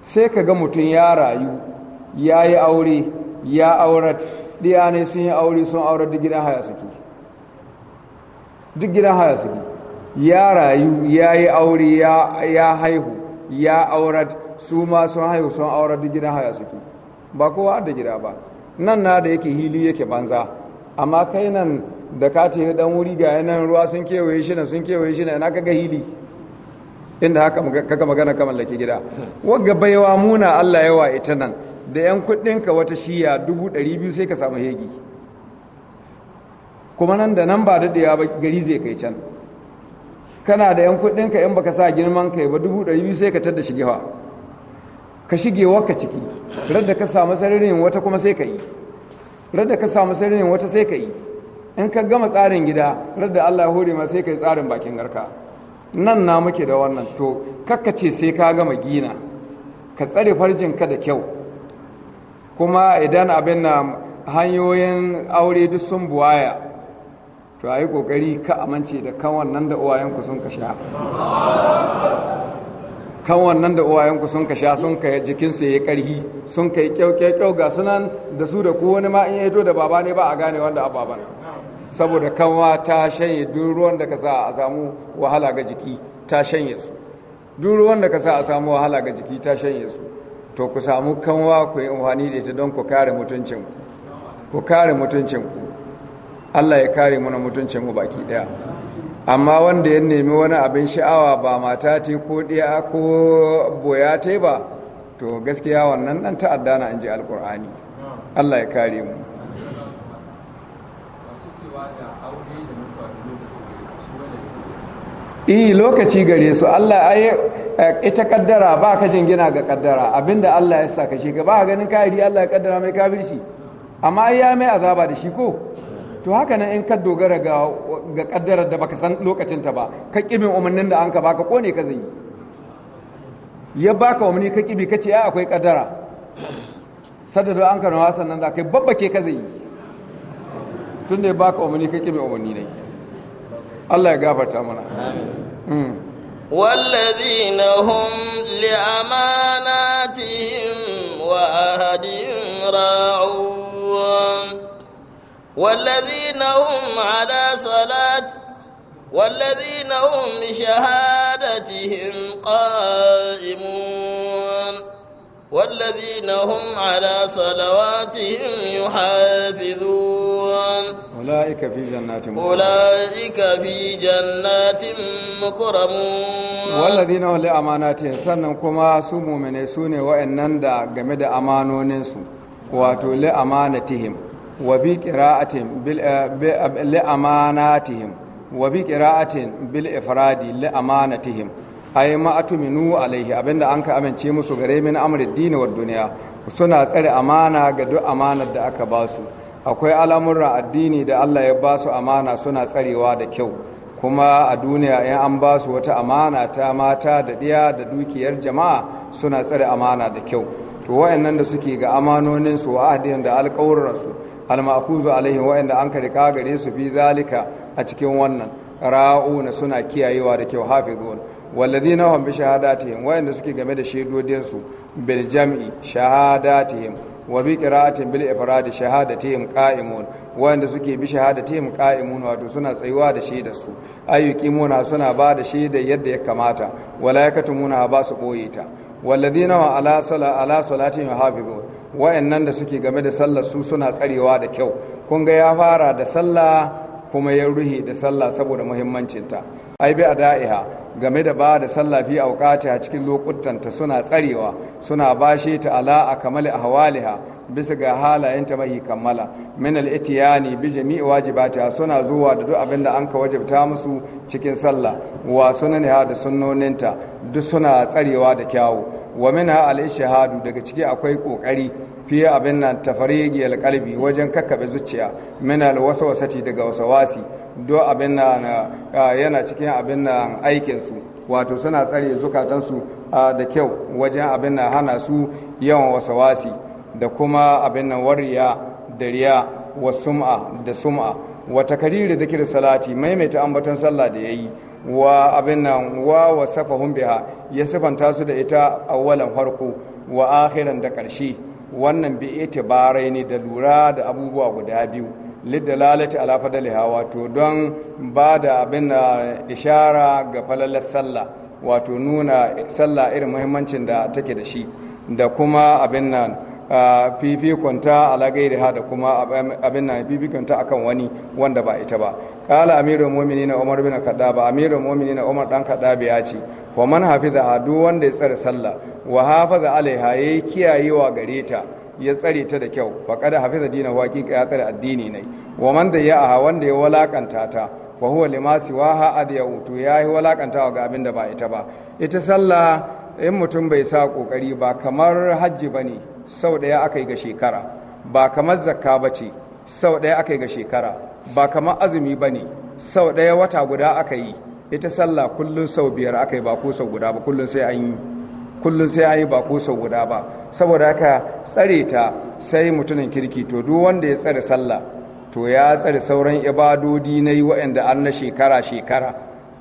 S1: sai ka ga mutum ya rayu ya yi aure ya aurat ɗiya ne sun yi aure sun aurar duk gidan haya suke duk gidan haya suke ya rayu ya yi aure ya haihu ya aurat su ma sun haihu sun aurar duk gidan haya suke ba kowa da gida ba nan na da yake hili yake banza amma kai nan da ka tafi dan wuri ga yanan ruwa sun kewaye shi nan sun kewaye shi nan ina kaga hili inda haka kaka magana da ke gida wagga baiwa muna Allah yawa ita nan da 'yan kudinka wata shiya 200,000 sai ka samu hegi kuma nan da nan ba daɗewa ba gari zai kai can kana da 'yan kudinka in baka sa girman kai ba 200,000 sai ka tadda shigewa ka shigewa ka ciki radda ka samu sararin wata kuma sai ka yi radda ka samu sararin wata sai ka yi in ka gama tsarin gida radda Allah ya hore ma sai ka yi tsarin bakin garka nan na muke da wannan to kakkace sai ka gama gina ka tsare farjinka da kyau kuma idan abin na hanyoyin aure duk sun buwaya to a yi ƙoƙari ka amince da kan wannan da uwayenku sun ka sha kan wannan da uwayenku sun ka sha sun ka jikinsu ya yi ƙarhi sun ka yi kyau kyau ga sunan da su da ku ma in ya to da baba ne ba a gane wanda a baban saboda kanwa ta shanye duk ruwan da ka sa a samu wahala ga jiki ta shanye su duk ruwan da ka sa a samu wahala ga jiki ta shanye su to ku samu kanwa ku yi amfani da ita don ku kare mutuncin ku kare mutuncin ku Allah ya kare mana mutuncin mu baki daya amma wanda ya nemi wani abin sha'awa ba mata ce ko ɗaya ko boya ta ba to gaskiya wannan ɗan ta'adda na in ji alƙur'ani Allah ya kare mu eh lokaci gare su Allah ai ita kaddara ba ka jingina ga kaddara abinda Allah ya sa shi shiga ba ganin kafiri Allah ya kaddara mai kafirci amma ai ya mai azaba da shi ko to haka nan in ka dogara ga ga da baka san lokacin ta ba ka kibin umarnin da an ka baka kone ka zai ya baka umarni ka kibi kace ai akwai kaddara sadda an ka nawa sannan za ka babbake ka zai tunda ya baka umarni ka kibin umarni ne Allah ya gafarta mana
S2: والذين هم لأماناتهم وعهدهم راعون والذين هم على صلاة والذين هم بشهادتهم قائمون والذين هم على صلواتهم يحافظون
S1: أولئك في جنات مكرمون
S2: أولئك في جنات مكرمون
S1: والذين هم لأماناتهم سنن كما سمو من يسون وإنن دا جمد أمانون سو واتو لأمانتهم وبي قراءة لأماناتهم وبي قراءة بالإفراد لأمانتهم أي ما alaihi عليه an أنك أمن musu gare أمر الدين والدنيا suna tsare amana ga duk amanar da aka ba su akwai al'amuran addini da Allah ya ba su amana suna tsarewa da kyau kuma a duniya in an ba su wata amana ta mata da ɗiya da dukiyar jama'a suna tsare amana da kyau to wa'annan da suke ga amanonin su wa ahdiyan da alƙawurra su almakuzu alaihi wa'anda an ka riƙa gare su fi zalika a cikin wannan ra'una suna kiyayewa da kyau hafizun walladhina hum bi shahadatihim wa'anda suke game da shaidodin su bil jam'i shahadatihim wa bi qira'atin bil ifrad shahadatihim qa'imun wanda suke bi shahadatihim qa'imun wato suna tsayuwa da shaida su ayyukimuna suna ba da shaidar yadda ya kamata wala yakatumuna ba su boye ta walladhina wa ala sala ala salatihim hafizun wa'annan da suke game da sallar su suna tsarewa da kyau kun ga ya fara da sallah kuma ya ruhi da sallah saboda muhimmancinta ai bi ada'iha game da ba da sallafi auqati a cikin lokutanta suna tsarewa suna bashe ta ala a hawaliha bisa ga halayenta mai kammala min al-itiyani bi jami'i wajibata suna zuwa da duk abin da ka wajibta musu cikin sallah wa sunaniha da sunnoninta duk suna tsarewa da kyawu wa min al-ishhadu daga ciki akwai kokari fiye abin nan tafarigiyar kalbi wajen kakkaɓe zuciya min alwasawasati daga wasawasi do abin na ah, ah, yana cikin abin na aikinsu wato suna tsare zukatansu ah, da kyau wajen abin na hana su yawan wasawasi da kuma abin na wariya da riya wa sum'a da sum'a wa da dhikr salati maimaita ambaton sallah da yayi wa abin nan wa wa wasafahum biha ya sifanta su da ita walan farko wa akhiran da karshe wannan bi itibarai ne da lura da abubuwa guda biyu lidalalati ala fadaliha wato don ba da abin ishara ga falalar sallah wato nuna sallah irin muhimmancin da take da shi da kuma abin nan fifikonta ala gairiha da kuma abin nan fifikonta akan wani wanda ba ita ba kala amirul mu'minina umar bin Amiru amirul mu'minina umar dan kaɗa ya ce wa man hafiza duk wanda ya tsare sallah wa hafaza alaiha yayi kiyayewa gare ta ya tsare ta da kyau da hafiza dinahu haqiqa ya tsare addini ne wa man da ya wanda ya walakanta ta fa huwa lima siwaha adiyu ya yayi walakantawa ga abin da ba ita ba ita sallah in mutum bai sa kokari ba kamar hajji bane sau daya yi ga shekara ba kamar zakka bace sau daya yi ga shekara ba kamar azumi bane sau daya wata guda aka yi ita sallah kullum sau biyar aka yi ba ko sau guda ba kullum sai an yi kullum sai an yi ba ko sau guda ba saboda haka tsare ta sai mutumin kirki to duk wanda ya tsare sallah to ya tsare sauran ibadodi na yi wa'anda an na shekara-shekara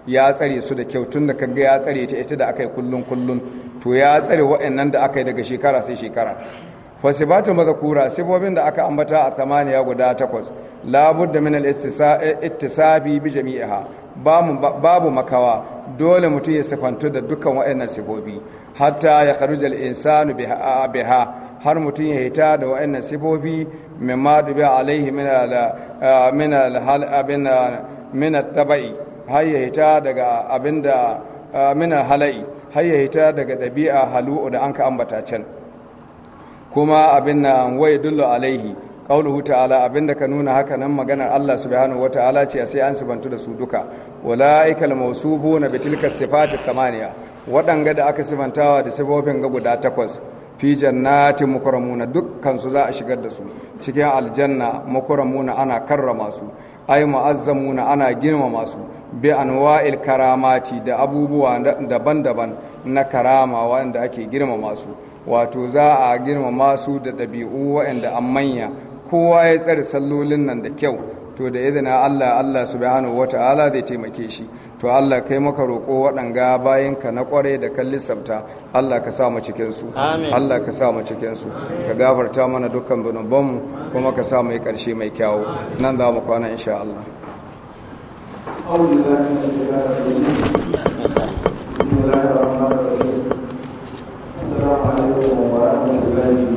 S1: ya tsare su da kyau tun da kaga ya tsare ta ita da aka yi kullum kullum to ya tsare wa'annan da aka yi daga shekara sai shekara fasibatu mazakura sifofin da aka ambata a tamaniya guda takwas labudda min al-ittisabi bi jami'iha babu makawa dole mutum ya sifantu da dukkan waɗannan sifofi hatta ya kharujal insanu biha har mutum ya hita da waɗannan sifofi min ma dubi alaihi min min min tabai har ya hita daga abinda min halai har ya hita daga dabi'a halu'u da an ka ambata can kuma abin nan wai dullo alaihi qauluhu ta'ala abinda ka nuna haka nan maganar Allah subhanahu wata'ala ce sai an sibantu da su duka ulaikal mawsubuna bitilka tilka sifati kamaniya waɗanga da aka sifantawa da sifofin ga guda takwas fi jannati mukramuna dukkan su za a shigar da su cikin aljanna mukramuna ana karrama su ai mu'azzamuna ana girmama su bi anwa'il karamati da abubuwa daban-daban na karama wanda ake girmama su wato za a girmama su da ɗabi'u waɗanda an manya kowa ya tsare sallolin nan da kyau to da izina Allah Allah subhanahu wata'ala zai taimake shi to Allah kai maka roƙo waɗanga ka na ƙware da kan lissafta Allah ka sa mu cikin su Allah ka sa mu cikin su ka gafarta mana dukkan zunubanmu kuma ka sa mu yi ƙarshe mai kyawu nan za mu kwana insha Allah Bismillahirrahmanirrahim. Assalamu alaikum wa rahmatullahi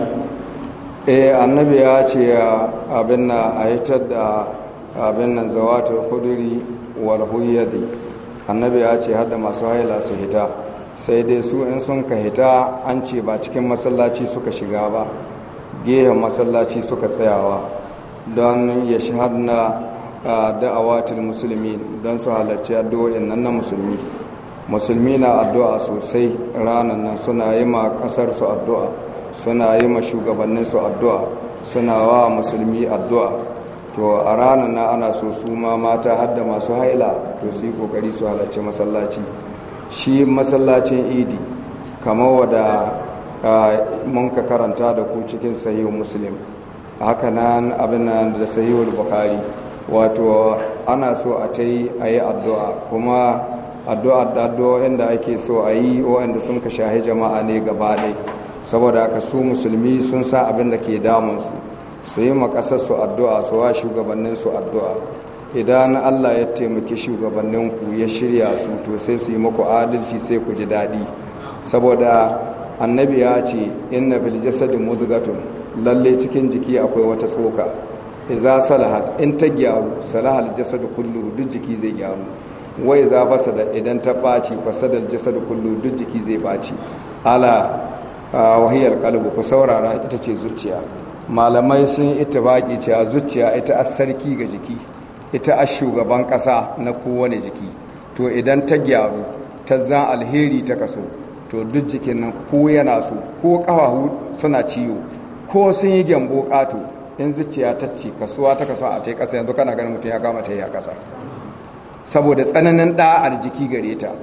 S1: eh annabi ya ce abin na a hitar da abin nan zawatar kuduri wal huyadi annabi ya ce hada masu haila su hita sai dai su in sun ka hita an ce ba cikin masallaci suka shiga ba gehen masallaci suka tsayawa don ya shahadna da'awatul musulmi don su halarci addu'o'in nan na musulmi musulmi na addu'a sosai ranar nan suna yi ma kasar su addu'a suna yi ma shugabanninsu addu'a suna wa musulmi addu'a to a ranar na ana so su ma mata hadda masu haila to su yi kokari su halarci masallaci shi masallacin idi kamar wada mun ka karanta da ku cikin sahihu muslim haka nan abin nan da sahihul bukhari wato ana so a ta yi a addu'a kuma addu'a da addu'o'in da ake so a yi waɗanda sun ka shahi jama'a ne gaba ɗaya saboda haka su musulmi sun sa abin da ke damunsu su yi makasarsu addu'a su wa shugabanninsu addu'a idan allah ya taimaki shugabannin ku ya shirya su to sai su yi maku adalci sai ku ji daɗi saboda annabi ya ce inna fil jasadi mudgatun lalle cikin jiki akwai wata tsoka iza salahat in ta gyaru salahal jasad kullu duk jiki zai gyaru wai za fasada idan ta ɓaci fasadar jasad kullu duk jiki zai ɓaci ala wahiyar kalbu ku saurara ita ce zuciya malamai sun yi itibaki cewa zuciya ita a sarki ga jiki ita a shugaban ƙasa na kowane jiki to idan ta gyaru ta zan alheri ta kaso to duk jikin nan ko yana so ko ƙafafu suna ciwo ko sun yi gyambo ƙato in zuciya ta ci kasuwa ta kaso a ta ƙasa yanzu kana ganin mutum ya kama ta yi a ƙasa saboda tsananin ɗa'ar jiki gare ta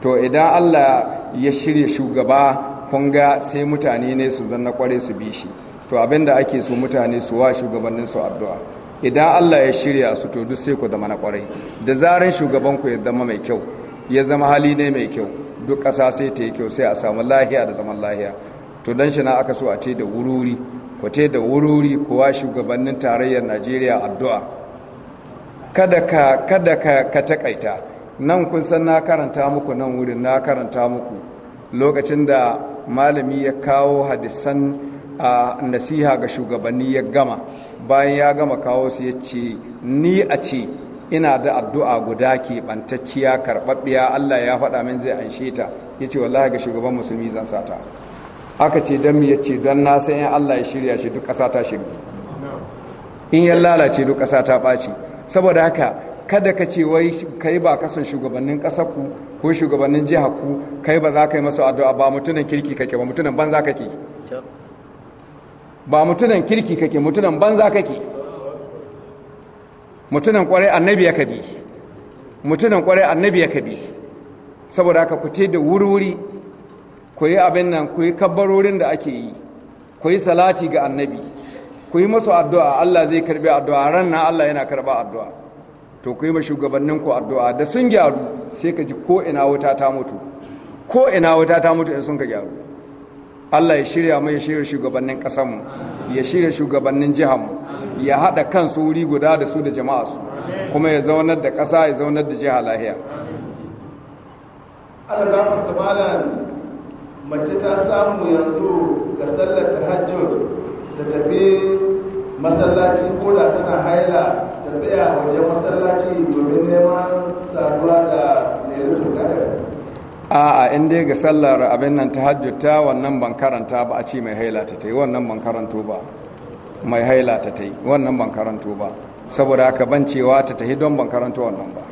S1: to idan allah ya shirya shugaba kun ga sai mutane ne su zanna kware su bi shi to abinda ake so mutane su wa shugabannin su addu'a idan Allah ya shirya su to duk sai ku zama na kwarai da zaran shugaban ku ya zama mai kyau ya zama hali ne mai kyau duk ƙasa sai ta yi kyau sai a samu lahiya da zaman lahiya to dan shi na aka so a ce da wururi ku te da wururi kuwa shugabannin tarayyar Najeriya addu'a kada ka kada ka ka takaita nan kun san na karanta muku nan wurin na karanta muku lokacin da malami ya kawo hadisan a nasiha ga shugabanni ya gama bayan ya gama kawo su ya ce ni a ce ina da addu'a guda ke bantacciya karɓaɓɓiya Allah ya faɗa min zai anshe ta ya ce wallahi ga shugaban musulmi zan sata aka ce don ya ce don na san Allah ya shirya shi duk ƙasa ta shirya in ya lalace duk ƙasa ta ɓaci saboda haka kada ka ce wai kai ba kasan shugabannin ƙasar ku ko shugabannin jihar ku kai ba za ka yi masa addu'a ba mutunan kirki kake ba mutunan banza kake ba mutunan kirki kake mutunan banza kake mutunan kware annabi ya kabi mutunan kware annabi ya kabi saboda haka ku te da wuri-wuri ku yi abin nan ku yi kabbarorin da ake yi ku yi salati ga annabi ku yi masu addu'a Allah zai karbi addu'a ran na Allah yana karba addu'a to ku yi ma ku addu'a da sun gyaru sai ka ji ko ina wuta ta mutu ko ina wuta ta mutu in sun ka gyaru Allah ya shirya mu ya shirya shugabannin ƙasarmu ya shirya shugabannin jihanmu ya haɗa kansu wuri guda da su da jama'a su kuma ya zaunar da ƙasa ya zaunar da jiha lahiya Allah ta mace ta samu yanzu ga sallar tahajjud ta tafi masallaci ko da tana haila ta tsaya wajen masallaci domin neman saduwa da lailatul kadar a'a in dai ga sallar abin nan ta hajjuta wannan ban karanta ba a ce mai haila ta yi wannan ban ba mai haila ta yi wannan ban ba saboda aka ban cewa ta tahi don ban wannan ba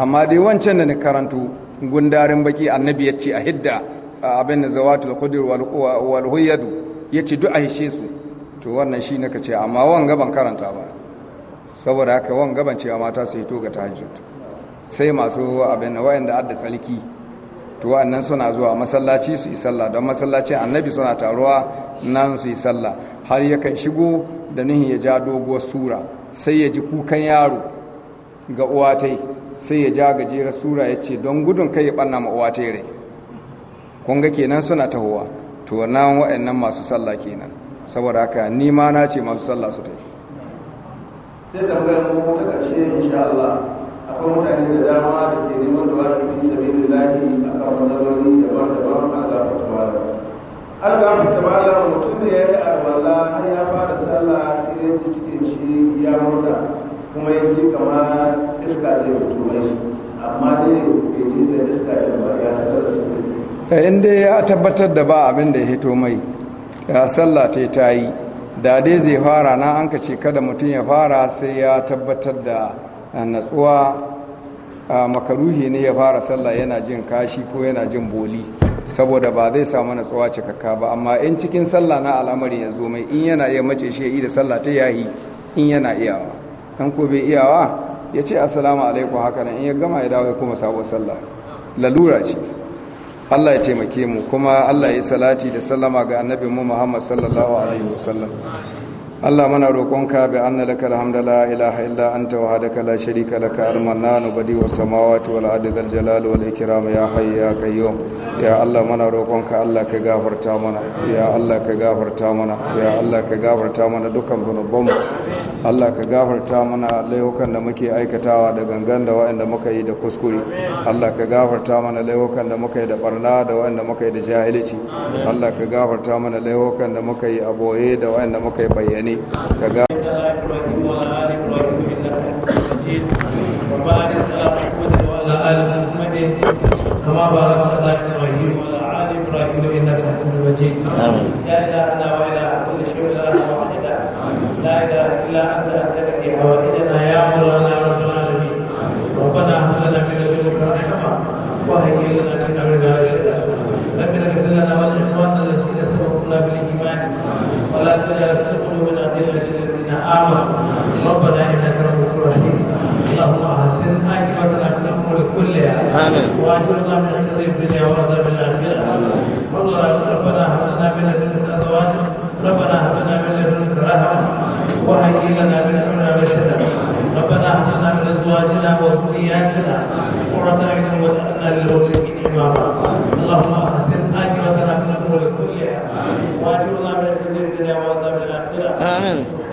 S1: amma dai wancan da ni karanto gundarin baki annabi ya ce a hidda abin da zawatul khudur wal huyyadu ya ce duk a hishe su to wannan shi na ka ce amma wanga ban karanta ba saboda haka wanga ban cewa mata su hito ga tahajjud sai masu abin wayan da adda tsalki to wannan suna zuwa masallaci su yi sallah don masallacin annabi suna taruwa nan su yi sallah har yakan shigo da nihin ya ja doguwar sura sai ya ji kukan yaro ga uwatai sai ya ja gajerar sura ya ce don gudun kai ya ɓanna ma uwatai rai kun ga kenan suna tahowa to nan wa'annan masu sallah kenan saboda haka ni ma na ce masu sallah su tafi sai tambayar mu ta karshe insha Allah akwai mutane da dama da ke neman da wani fi sabilillahi a kan matsaloli daban-daban Allah ta tabara
S2: Allah ta tabara mutum da ya yi
S1: alwala har ya fara sallah sai ya ji cikin shi ya murna kuma ya ji kamar iska zai fito mai amma dai bai ji da iska da ba ya sarar su eh, in dai ya tabbatar da ba abin da ya hito mai sallah ta ta yi da dai zai fara na an ka ce kada mutum ya fara sai ya tabbatar da eh, natsuwa makaruhi ne ya fara sallah yana jin kashi ko yana jin boli saboda ba zai samu natsuwa cikakka ba amma in cikin sallah na al'amari ya zo mai in yana iya mace shi ya yi da sallah ta yahi in yana iyawa dan ko bai iyawa ya ce assalamu alaikum haka nan in ya gama ya dawo ya kuma sabo sallah lalura ce Allah ya taimake mu kuma Allah ya salati da sallama ga mu Muhammad sallallahu alaihi wasallam Allah mana roƙonka bi anna laka alhamdu la ilaha illa anta wahdaka la sharika laka al-mannan badi wa samawati wal ardi al jalali wal ikram ya hayy ya qayyum ya Allah mana roƙonka Allah ka gafarta mana ya Allah ka gafarta mana ya Allah ka gafarta mana dukkan zunubanmu Allah ka gafarta mana laifukan da muke aikatawa da gangan da waɗanda muka yi da kuskure Allah ka gafarta mana laifukan da muka yi da barna da waɗanda muka yi da jahilci Allah ka gafarta mana laifukan da muka yi a boye da waɗanda muka yi bayyane alkhairi ka ga
S2: كما باركت على ابراهيم وعلى ال ابراهيم انك حميد مجيد لا اله الا واله كل شيء لا اله واحده لا اله الا انت انت تقي حوائجنا يا مولانا رب العالمين ربنا هب لنا من لدنك رحمه وهيئ لنا من امرنا رشدا ربنا اغفر لنا ولاخواننا الذين سبقونا بالايمان ولا تجعل في قلوبنا غير الذين امنوا ربنا انك رؤوف رحيم اللهم احسن عاقبتنا في الامور كلها واجرنا من خزي الدنيا وعذاب الاخره ربنا هب لنا من لدنك ازواجا ربنا هب لنا من لدنك رحمه وهيئ لنا من امرنا رشدا ربنا هب لنا من ازواجنا وذرياتنا قرة اعين واجعلنا للمتقين اماما اللهم احسن عاقبتنا في الامور كلها واجرنا من خزي الدنيا وعذاب الاخره Aamiin